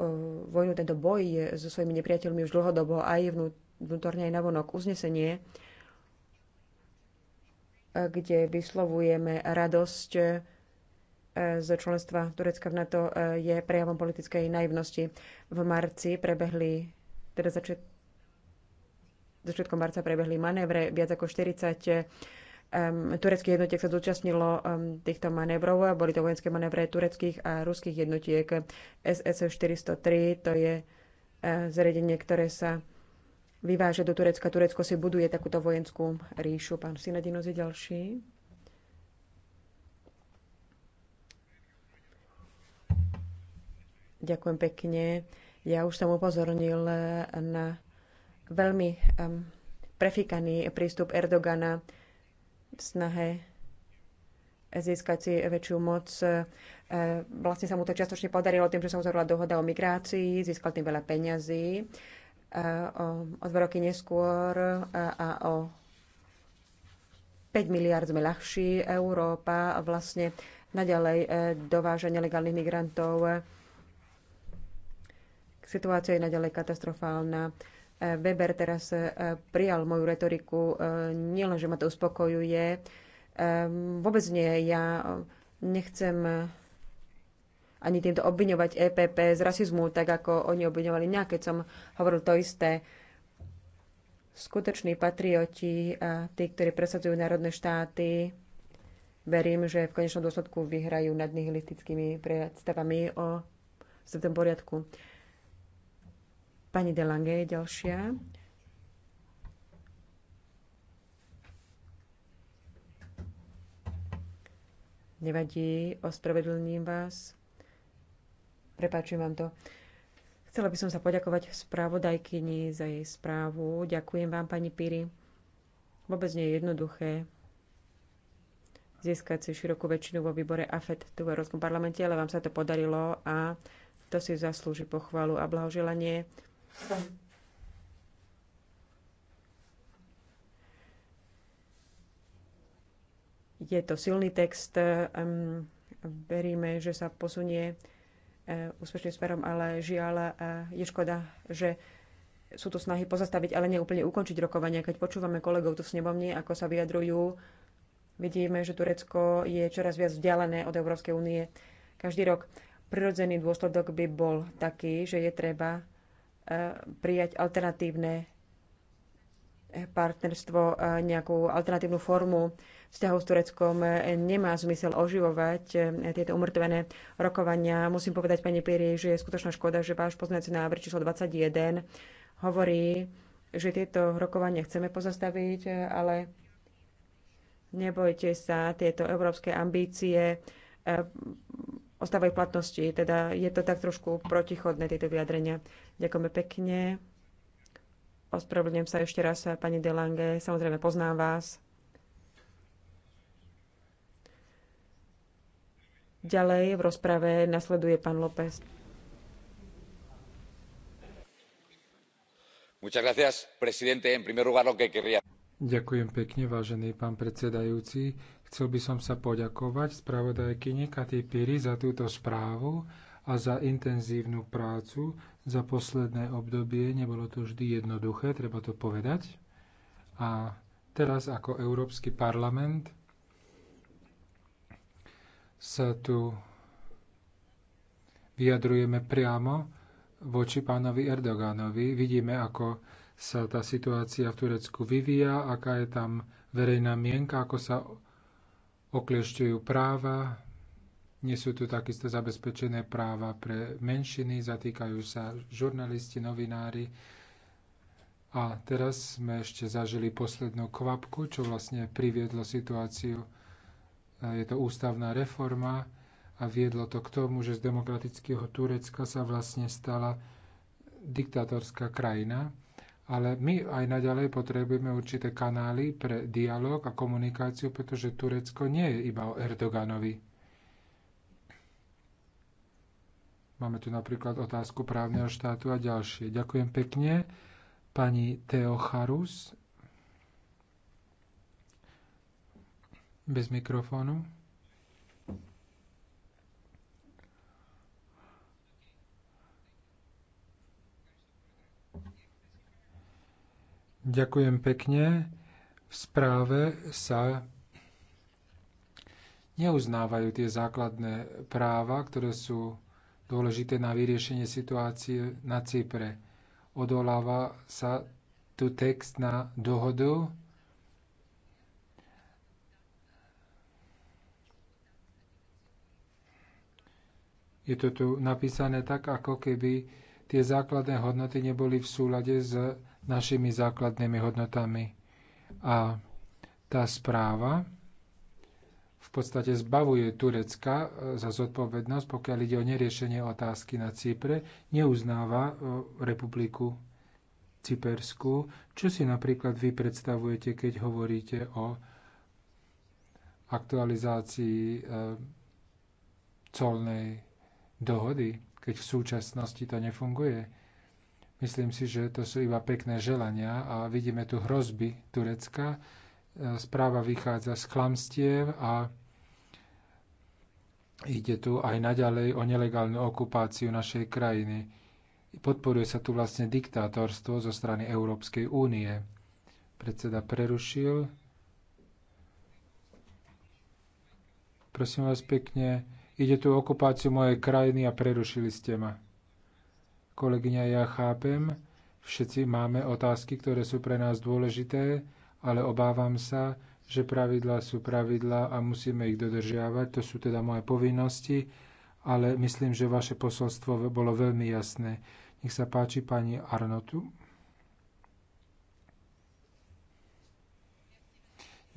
vojnu, tento boj so svojimi nepriateľmi už dlhodobo aj vnútorne aj navonok. Uznesenie kde vyslovujeme radosť e, z členstva Turecka v NATO, e, je prejavom politickej naivnosti. V marci prebehli, teda začiat, začiatkom marca prebehli manévre, viac ako 40 um, e, tureckých jednotiek sa zúčastnilo um, týchto manévrov. Boli to vojenské manévre tureckých a ruských jednotiek. SS-403 to je uh, zariadenie, ktoré sa vyváže do Turecka. Turecko si buduje takúto vojenskú ríšu. Pán Sinadinos je ďalší. Ďakujem pekne. Ja už som upozornil na veľmi um, prefikaný prístup Erdogana v snahe získať si väčšiu moc. Uh, vlastne sa mu to čiastočne podarilo tým, že sa uzavrela dohoda o migrácii, získal tým veľa peňazí. Eh, o, o dva roky neskôr a, eh, a o 5 miliard sme ľahší. Európa vlastne naďalej eh, dováža nelegálnych migrantov. Situácia je naďalej katastrofálna. Weber teraz prijal moju retoriku, nielenže ma to uspokojuje, vôbec nie, ja nechcem ani týmto obviňovať EPP z rasizmu, tak ako oni obviňovali mňa, keď som hovoril to isté. Skutoční patrioti a tí, ktorí presadzujú národné štáty, verím, že v konečnom dôsledku vyhrajú nad nihilistickými predstavami o svetom poriadku. Pani Delange je ďalšia. Nevadí, ospravedlním vás. Prepáčujem vám to. Chcela by som sa poďakovať správodajkyni za jej správu. Ďakujem vám, pani Piri. Vôbec nie je jednoduché získať si širokú väčšinu vo výbore AFET tu v Európskom parlamente, ale vám sa to podarilo a to si zaslúži pochvalu a blahoželanie. Je to silný text. Veríme, že sa posunie E, úspešným smerom, ale žiaľ e, je škoda, že sú to snahy pozastaviť, ale neúplne ukončiť rokovania. Keď počúvame kolegov tu v snemovni, ako sa vyjadrujú, vidíme, že Turecko je čoraz viac vzdialené od Európskej únie každý rok. Prirodzený dôsledok by bol taký, že je treba e, prijať alternatívne partnerstvo, nejakú alternatívnu formu vzťahov s Tureckom. E, nemá zmysel oživovať e, tieto umrtvené rokovania. Musím povedať, pani Piri, že je skutočná škoda, že váš poznajúci návrh číslo 21 hovorí, že tieto rokovania chceme pozastaviť, e, ale nebojte sa, tieto európske ambície ostávajú platnosti. Teda je to tak trošku protichodné, tieto vyjadrenia. Ďakujeme pekne. Ospravedlňujem sa ešte raz, pani Delange. Samozrejme, poznám vás. Ďalej v rozprave nasleduje pán López. Ďakujem pekne, vážený pán predsedajúci. Chcel by som sa poďakovať spravodajkyni Katy Piri za túto správu a za intenzívnu prácu za posledné obdobie. Nebolo to vždy jednoduché, treba to povedať. A teraz ako Európsky parlament sa tu vyjadrujeme priamo voči pánovi Erdoganovi. Vidíme, ako sa tá situácia v Turecku vyvíja, aká je tam verejná mienka, ako sa okliešťujú práva, nie sú tu takisto zabezpečené práva pre menšiny, zatýkajú sa žurnalisti, novinári. A teraz sme ešte zažili poslednú kvapku, čo vlastne priviedlo situáciu je to ústavná reforma a viedlo to k tomu, že z demokratického Turecka sa vlastne stala diktatorská krajina. Ale my aj naďalej potrebujeme určité kanály pre dialog a komunikáciu, pretože Turecko nie je iba o Erdoganovi. Máme tu napríklad otázku právneho štátu a ďalšie. Ďakujem pekne pani Teo Charus bez mikrofónu. Ďakujem pekne. V správe sa neuznávajú tie základné práva, ktoré sú dôležité na vyriešenie situácie na Cypre. Odoláva sa tu text na dohodu, Je to tu napísané tak, ako keby tie základné hodnoty neboli v súlade s našimi základnými hodnotami. A tá správa v podstate zbavuje Turecka e, za zodpovednosť, pokiaľ ide o neriešenie otázky na Cypre, neuznáva e, republiku Cyperskú. Čo si napríklad vy predstavujete, keď hovoríte o aktualizácii e, colnej dohody, keď v súčasnosti to nefunguje. Myslím si, že to sú iba pekné želania a vidíme tu hrozby Turecka. E, správa vychádza z klamstiev a ide tu aj naďalej o nelegálnu okupáciu našej krajiny. Podporuje sa tu vlastne diktátorstvo zo strany Európskej únie. Predseda prerušil. Prosím vás pekne, Ide tu o okupáciu mojej krajiny a prerušili ste ma. Kolegyňa, ja chápem, všetci máme otázky, ktoré sú pre nás dôležité, ale obávam sa, že pravidlá sú pravidlá a musíme ich dodržiavať. To sú teda moje povinnosti, ale myslím, že vaše posolstvo bolo veľmi jasné. Nech sa páči pani Arnotu.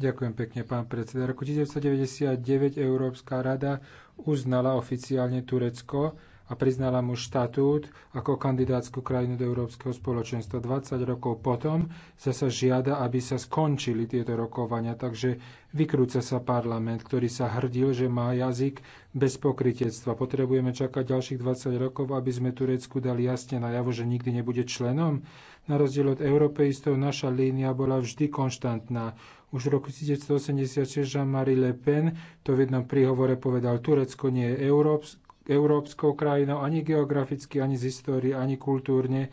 Ďakujem pekne, pán predseda. roku 1999 Európska rada uznala oficiálne Turecko a priznala mu štatút ako kandidátsku krajinu do Európskeho spoločenstva. 20 rokov potom sa sa žiada, aby sa skončili tieto rokovania, takže vykrúca sa parlament, ktorý sa hrdil, že má jazyk bez pokritectva. Potrebujeme čakať ďalších 20 rokov, aby sme Turecku dali jasne najavo, že nikdy nebude členom. Na rozdiel od europeistov naša línia bola vždy konštantná. Už v roku 1986 Jean-Marie Le Pen to v jednom príhovore povedal, Turecko nie je Európs- európskou krajinou ani geograficky, ani z histórie, ani kultúrne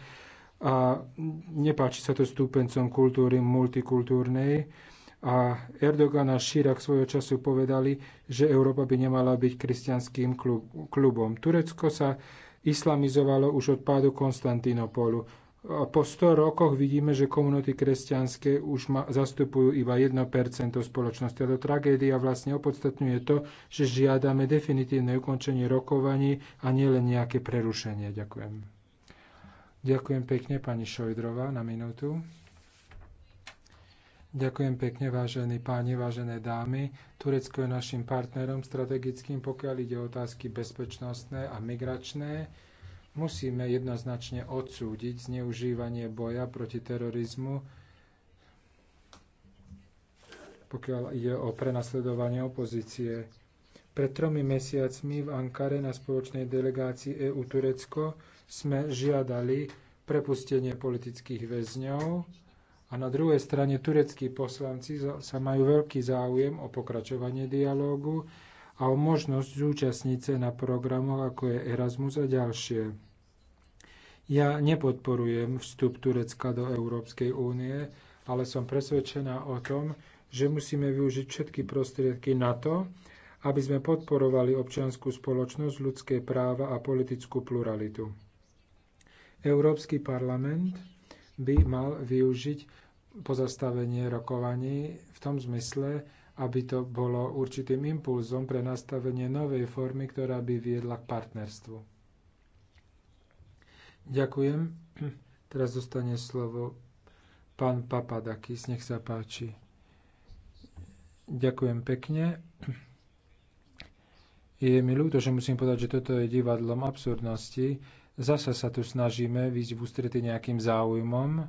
a nepáči sa to stúpencom kultúry multikultúrnej. A Erdogan a Širak svojho času povedali, že Európa by nemala byť kresťanským klubom. Turecko sa islamizovalo už od pádu Konstantinopolu po 100 rokoch vidíme, že komunity kresťanské už ma, zastupujú iba 1% spoločnosti. Táto tragédia vlastne opodstatňuje to, že žiadame definitívne ukončenie rokovaní a nielen nejaké prerušenie. Ďakujem. Ďakujem pekne pani Šojdrova na minútu. Ďakujem pekne, vážení páni, vážené dámy. Turecko je našim partnerom strategickým, pokiaľ ide o otázky bezpečnostné a migračné Musíme jednoznačne odsúdiť zneužívanie boja proti terorizmu, pokiaľ ide o prenasledovanie opozície. Pred tromi mesiacmi v Ankare na spoločnej delegácii EU-Turecko sme žiadali prepustenie politických väzňov a na druhej strane tureckí poslanci sa majú veľký záujem o pokračovanie dialógu a o možnosť zúčastniť sa na programoch ako je Erasmus a ďalšie. Ja nepodporujem vstup Turecka do Európskej únie, ale som presvedčená o tom, že musíme využiť všetky prostriedky na to, aby sme podporovali občiansku spoločnosť, ľudské práva a politickú pluralitu. Európsky parlament by mal využiť pozastavenie rokovaní v tom zmysle, aby to bolo určitým impulzom pre nastavenie novej formy, ktorá by viedla k partnerstvu. Ďakujem. Teraz dostane slovo pán Papadakis. Nech sa páči. Ďakujem pekne. Je mi ľúto, že musím povedať, že toto je divadlom absurdnosti. Zasa sa tu snažíme výsť v ústrety nejakým záujmom,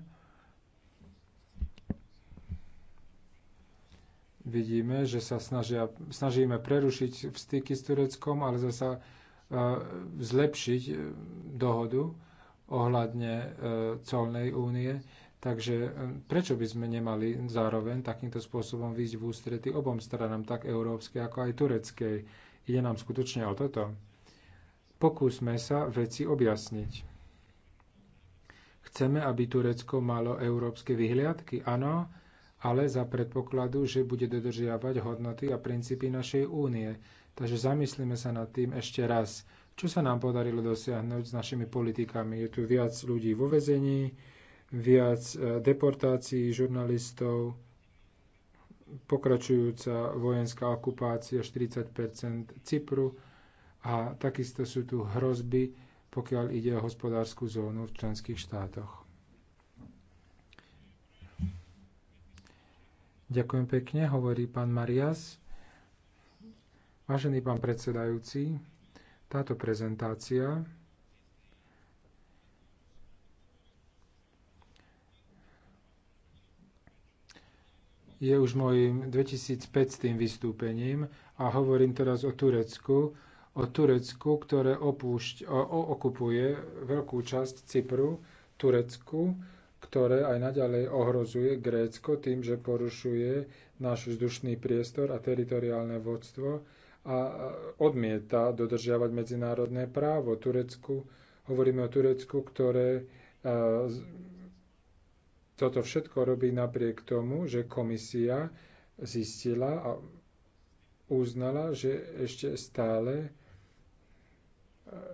Vidíme, že sa snažia, snažíme prerušiť styky s Tureckom, ale zasa e, zlepšiť e, dohodu ohľadne e, colnej únie. Takže prečo by sme nemali zároveň takýmto spôsobom výjsť v ústrety obom stranám, tak európskej ako aj tureckej? Ide nám skutočne o toto. Pokúsme sa veci objasniť. Chceme, aby Turecko malo európske vyhliadky? Áno, ale za predpokladu, že bude dodržiavať hodnoty a princípy našej únie. Takže zamyslíme sa nad tým ešte raz, čo sa nám podarilo dosiahnuť s našimi politikami. Je tu viac ľudí vo vezení, viac e, deportácií žurnalistov, pokračujúca vojenská okupácia 40 Cypru a takisto sú tu hrozby, pokiaľ ide o hospodárskú zónu v členských štátoch. Ďakujem pekne, hovorí pán Marias. Vážený pán predsedajúci, táto prezentácia je už mojim 2500. vystúpením a hovorím teraz o Turecku, o Turecku, ktoré opúšť, o, o, okupuje veľkú časť Cypru, Turecku, ktoré aj naďalej ohrozuje Grécko tým, že porušuje náš vzdušný priestor a teritoriálne vodstvo a odmieta dodržiavať medzinárodné právo. Turecku, hovoríme o Turecku, ktoré e, toto všetko robí napriek tomu, že komisia zistila a uznala, že ešte stále e,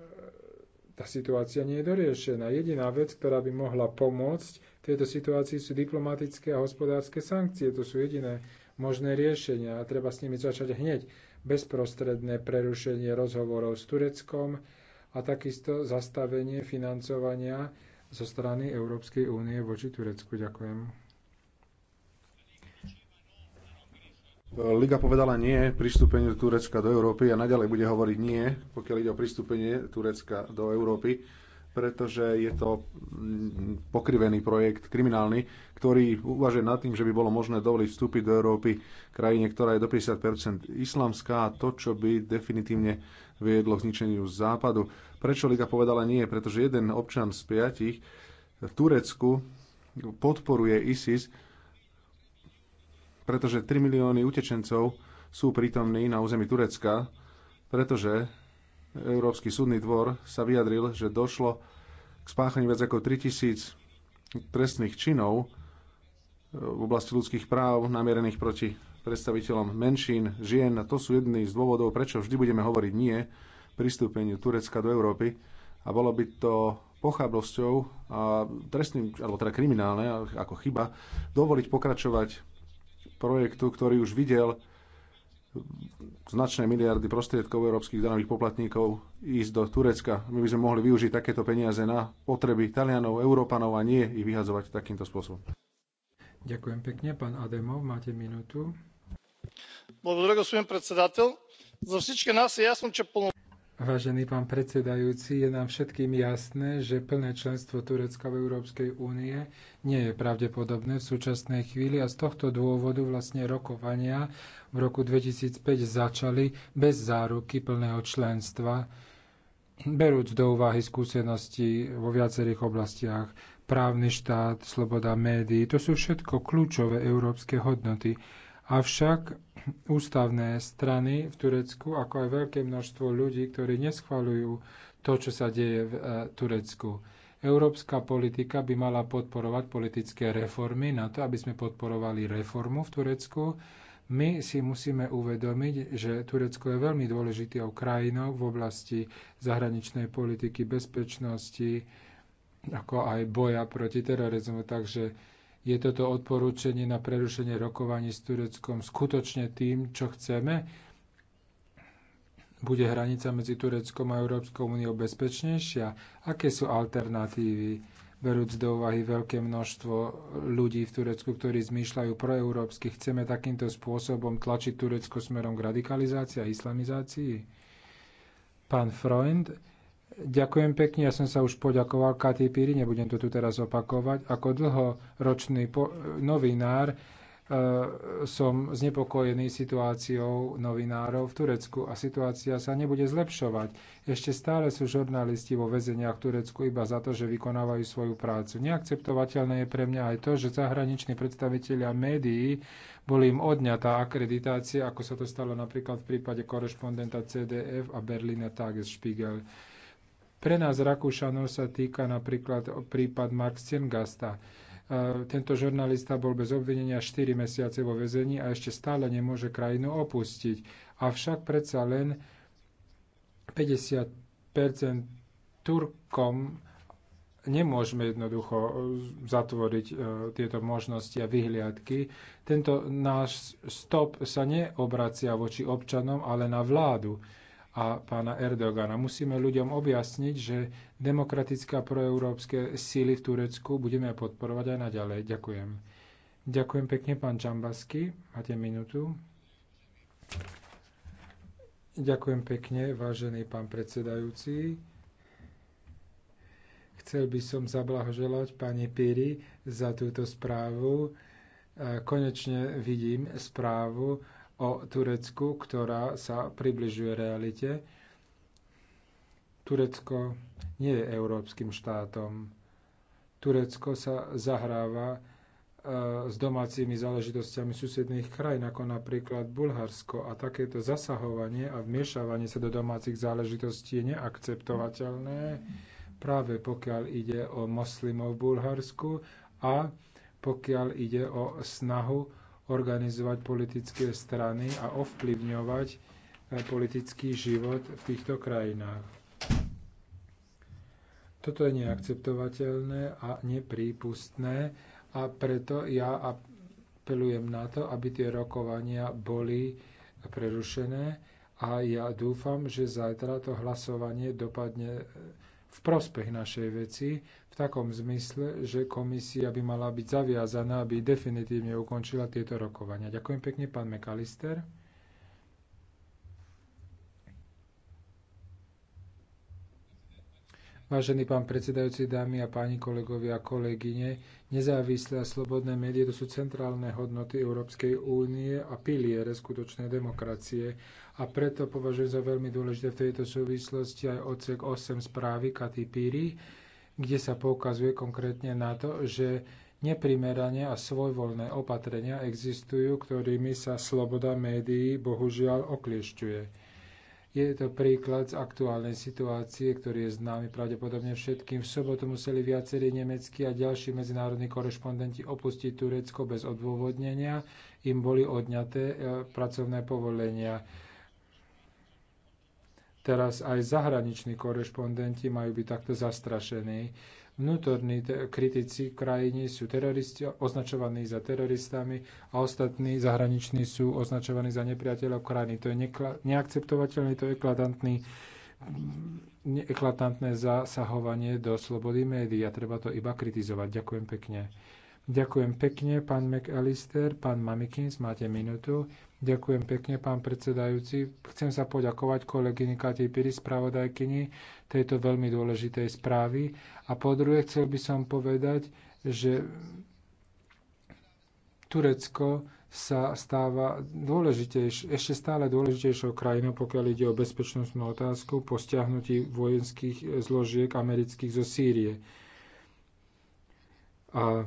tá situácia nie je doriešená. Jediná vec, ktorá by mohla pomôcť v tejto situácii sú diplomatické a hospodárske sankcie. To sú jediné možné riešenia a treba s nimi začať hneď. Bezprostredné prerušenie rozhovorov s Tureckom a takisto zastavenie financovania zo strany Európskej únie voči Turecku. Ďakujem. Liga povedala nie pristúpeniu Turecka do Európy a naďalej bude hovoriť nie, pokiaľ ide o pristúpenie Turecka do Európy, pretože je to pokrivený projekt kriminálny, ktorý uvažuje nad tým, že by bolo možné dovoliť vstúpiť do Európy krajine, ktorá je do 50 islamská, to, čo by definitívne viedlo k zničeniu západu. Prečo Liga povedala nie? Pretože jeden občan z piatich v Turecku podporuje ISIS, pretože 3 milióny utečencov sú prítomní na území Turecka, pretože Európsky súdny dvor sa vyjadril, že došlo k spáchaniu viac ako 3000 trestných činov e, v oblasti ľudských práv namierených proti predstaviteľom menšín, žien. A to sú jedný z dôvodov, prečo vždy budeme hovoriť nie pristúpeniu Turecka do Európy. A bolo by to pochabnosťou a trestným, alebo teda kriminálne, ako chyba, dovoliť pokračovať projektu, ktorý už videl značné miliardy prostriedkov európskych danových poplatníkov ísť do Turecka. My by sme mohli využiť takéto peniaze na potreby Talianov, Európanov a nie ich vyhadzovať takýmto spôsobom. Ďakujem pekne. Pán Ademov, máte minútu. Благодаря, господин председател. За всички нас е ясно, че Vážený pán predsedajúci, je nám všetkým jasné, že plné členstvo Turecka v Európskej únie nie je pravdepodobné v súčasnej chvíli a z tohto dôvodu vlastne rokovania v roku 2005 začali bez záruky plného členstva, berúc do úvahy skúsenosti vo viacerých oblastiach, právny štát, sloboda médií, to sú všetko kľúčové európske hodnoty Avšak ústavné strany v Turecku, ako aj veľké množstvo ľudí, ktorí neschvaľujú to, čo sa deje v e, Turecku. Európska politika by mala podporovať politické reformy na to, aby sme podporovali reformu v Turecku. My si musíme uvedomiť, že Turecko je veľmi dôležitou krajinou v oblasti zahraničnej politiky, bezpečnosti, ako aj boja proti terorizmu. Takže je toto odporúčanie na prerušenie rokovaní s Tureckom skutočne tým, čo chceme? Bude hranica medzi Tureckom a Európskou úniou bezpečnejšia? Aké sú alternatívy? Berúc do úvahy veľké množstvo ľudí v Turecku, ktorí zmýšľajú proeurópsky, chceme takýmto spôsobom tlačiť Turecko smerom k radikalizácii a islamizácii? Pán Freund, Ďakujem pekne, ja som sa už poďakoval Katy Píri, nebudem to tu teraz opakovať. Ako dlhoročný novinár e, som znepokojený situáciou novinárov v Turecku a situácia sa nebude zlepšovať. Ešte stále sú žurnalisti vo väzeniach v Turecku iba za to, že vykonávajú svoju prácu. Neakceptovateľné je pre mňa aj to, že zahraniční predstavitelia médií boli im odňatá akreditácia, ako sa to stalo napríklad v prípade korešpondenta CDF a Berliner Tagesspiegel. Pre nás Rakúšanov sa týka napríklad prípad Max Cengasta. E, tento žurnalista bol bez obvinenia 4 mesiace vo vezení a ešte stále nemôže krajinu opustiť. Avšak predsa len 50 Turkom nemôžeme jednoducho e, zatvoriť e, tieto možnosti a vyhliadky. Tento náš stop sa neobracia voči občanom, ale na vládu a pána Erdogana. Musíme ľuďom objasniť, že a proeurópske síly v Turecku budeme podporovať aj naďalej. Ďakujem. Ďakujem pekne, pán Čambasky. Máte minútu. Ďakujem pekne, vážený pán predsedajúci. Chcel by som zablahoželať pani Piri za túto správu. Konečne vidím správu, o Turecku, ktorá sa približuje realite. Turecko nie je európskym štátom. Turecko sa zahráva e, s domácimi záležitosťami susedných krajín, ako napríklad Bulharsko. A takéto zasahovanie a vmiešavanie sa do domácich záležitostí je neakceptovateľné, práve pokiaľ ide o moslimov v Bulharsku a pokiaľ ide o snahu organizovať politické strany a ovplyvňovať eh, politický život v týchto krajinách. Toto je neakceptovateľné a neprípustné a preto ja apelujem na to, aby tie rokovania boli prerušené a ja dúfam, že zajtra to hlasovanie dopadne eh, v prospech našej veci, v takom zmysle, že komisia by mala byť zaviazaná, aby definitívne ukončila tieto rokovania. Ďakujem pekne, pán McAllister. Vážený pán predsedajúci, dámy a páni kolegovia a kolegyne, Nezávislé a slobodné médiá to sú centrálne hodnoty Európskej únie a piliere skutočnej demokracie a preto považujem za veľmi dôležité v tejto súvislosti aj odsek 8 správy Katy Píry, kde sa poukazuje konkrétne na to, že neprimerané a svojvoľné opatrenia existujú, ktorými sa sloboda médií bohužiaľ okliešťuje. Je to príklad z aktuálnej situácie, ktorý je známy pravdepodobne všetkým. V sobotu museli viacerí nemeckí a ďalší medzinárodní korešpondenti opustiť Turecko bez odôvodnenia. Im boli odňaté e, pracovné povolenia. Teraz aj zahraniční korešpondenti majú byť takto zastrašení Vnútorní kritici krajiny sú teroristi, označovaní za teroristami a ostatní zahraniční sú označovaní za nepriateľov krajiny. To je neakceptovateľné, to je eklatantný eklatantné zasahovanie do slobody médií a treba to iba kritizovať. Ďakujem pekne. Ďakujem pekne, pán McAllister, pán Mamikins, máte minútu. Ďakujem pekne, pán predsedajúci. Chcem sa poďakovať kolegyni Kati Piri, spravodajkyni tejto veľmi dôležitej správy. A po druhé, chcel by som povedať, že Turecko sa stáva dôležitejš, ešte stále dôležitejšou krajinou, pokiaľ ide o bezpečnostnú otázku po stiahnutí vojenských zložiek amerických zo Sýrie. A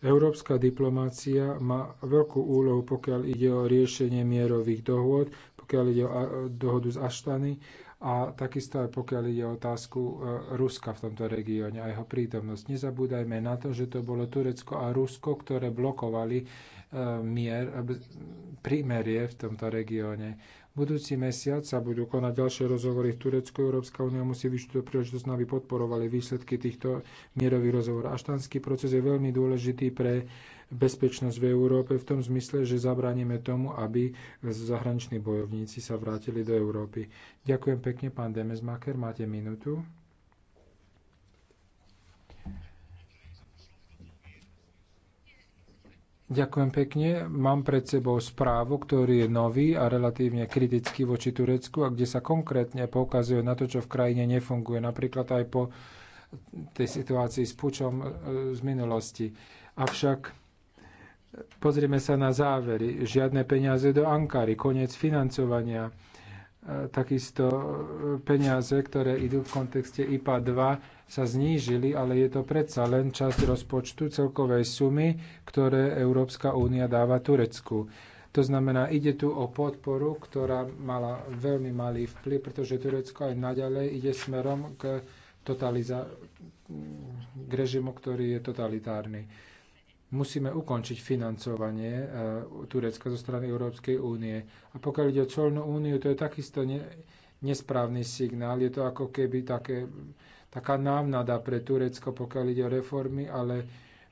Európska diplomácia má veľkú úlohu, pokiaľ ide o riešenie mierových dohôd, pokiaľ ide o dohodu z Aštany a takisto aj pokiaľ ide o otázku e, Ruska v tomto regióne a jeho prítomnosť. Nezabúdajme na to, že to bolo Turecko a Rusko, ktoré blokovali Eh, mier a eh, prímerie v tomto regióne. Budúci mesiac sa budú konať ďalšie rozhovory v Turecku. Európska únia musí využiť príležitosť, aby podporovali výsledky týchto mierových rozhovorov. Aštanský proces je veľmi dôležitý pre bezpečnosť v Európe v tom zmysle, že zabránime tomu, aby zahraniční bojovníci sa vrátili do Európy. Ďakujem pekne, pán Demesmaker. Máte minútu. Ďakujem pekne. Mám pred sebou správu, ktorý je nový a relatívne kritický voči Turecku a kde sa konkrétne poukazuje na to, čo v krajine nefunguje. Napríklad aj po tej situácii s pučom e, z minulosti. Avšak pozrieme sa na závery. Žiadne peniaze do Ankary, koniec financovania E, takisto e, peniaze, ktoré idú v kontexte IPA 2, sa znížili, ale je to predsa len časť rozpočtu celkovej sumy, ktoré Európska únia dáva Turecku. To znamená, ide tu o podporu, ktorá mala veľmi malý vplyv, pretože Turecko aj naďalej ide smerom k, totaliza- k režimu, ktorý je totalitárny musíme ukončiť financovanie e, Turecka zo strany Európskej únie. A pokiaľ ide o colnú úniu, to je takisto ne, nesprávny signál. Je to ako keby také, taká návnada pre Turecko, pokiaľ ide o reformy, ale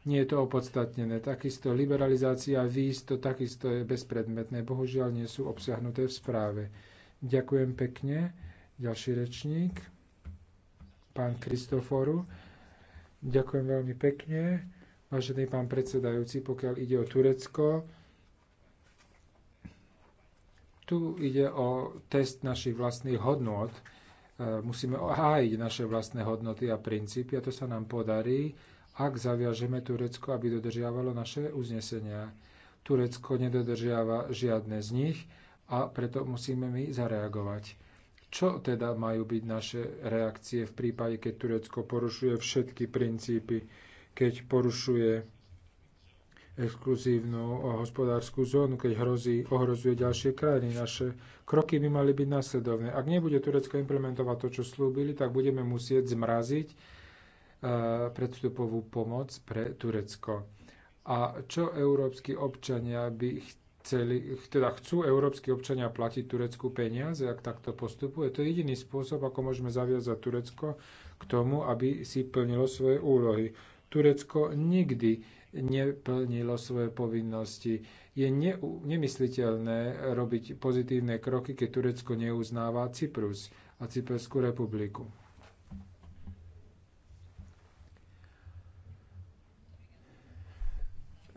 nie je to opodstatnené. Takisto liberalizácia víz, to takisto je bezpredmetné. Bohužiaľ nie sú obsiahnuté v správe. Ďakujem pekne. Ďalší rečník, pán Kristoforu. Ďakujem veľmi pekne Vážený pán predsedajúci, pokiaľ ide o Turecko, tu ide o test našich vlastných hodnot. E, musíme hájiť naše vlastné hodnoty a princípy a to sa nám podarí, ak zaviažeme Turecko, aby dodržiavalo naše uznesenia. Turecko nedodržiava žiadne z nich a preto musíme my zareagovať. Čo teda majú byť naše reakcie v prípade, keď Turecko porušuje všetky princípy? keď porušuje exkluzívnu hospodárskú zónu, keď hrozí, ohrozuje ďalšie krajiny. Naše kroky by mali byť následovné. Ak nebude Turecko implementovať to, čo slúbili, tak budeme musieť zmraziť eh, predstupovú pomoc pre Turecko. A čo európsky občania by chceli, teda chcú európsky občania platiť Turecku peniaze, ak takto postupuje? To je jediný spôsob, ako môžeme zaviazať Turecko k tomu, aby si plnilo svoje úlohy Turecko nikdy neplnilo svoje povinnosti. Je ne, nemysliteľné robiť pozitívne kroky, keď Turecko neuznáva Cyprus a Cyperskú republiku.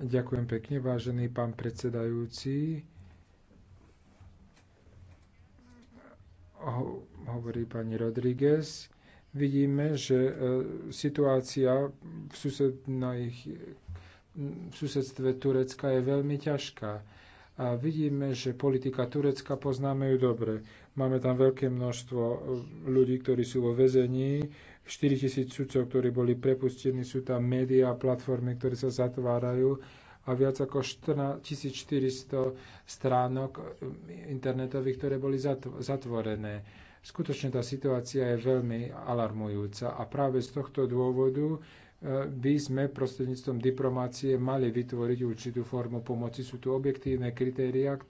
Ďakujem pekne, vážený pán predsedajúci. Ho, hovorí pani Rodríguez vidíme, že e, situácia v, ich, v susedstve Turecka je veľmi ťažká. A vidíme, že politika Turecka poznáme ju dobre. Máme tam veľké množstvo e, ľudí, ktorí sú vo vezení. 4 tisíc sudcov, ktorí boli prepustení, sú tam médiá, platformy, ktoré sa zatvárajú a viac ako 1400 stránok e, internetových, ktoré boli zatvorené Skutočne tá situácia je veľmi alarmujúca a práve z tohto dôvodu e, by sme prostredníctvom diplomácie mali vytvoriť určitú formu pomoci. Sú tu objektívne kritériá,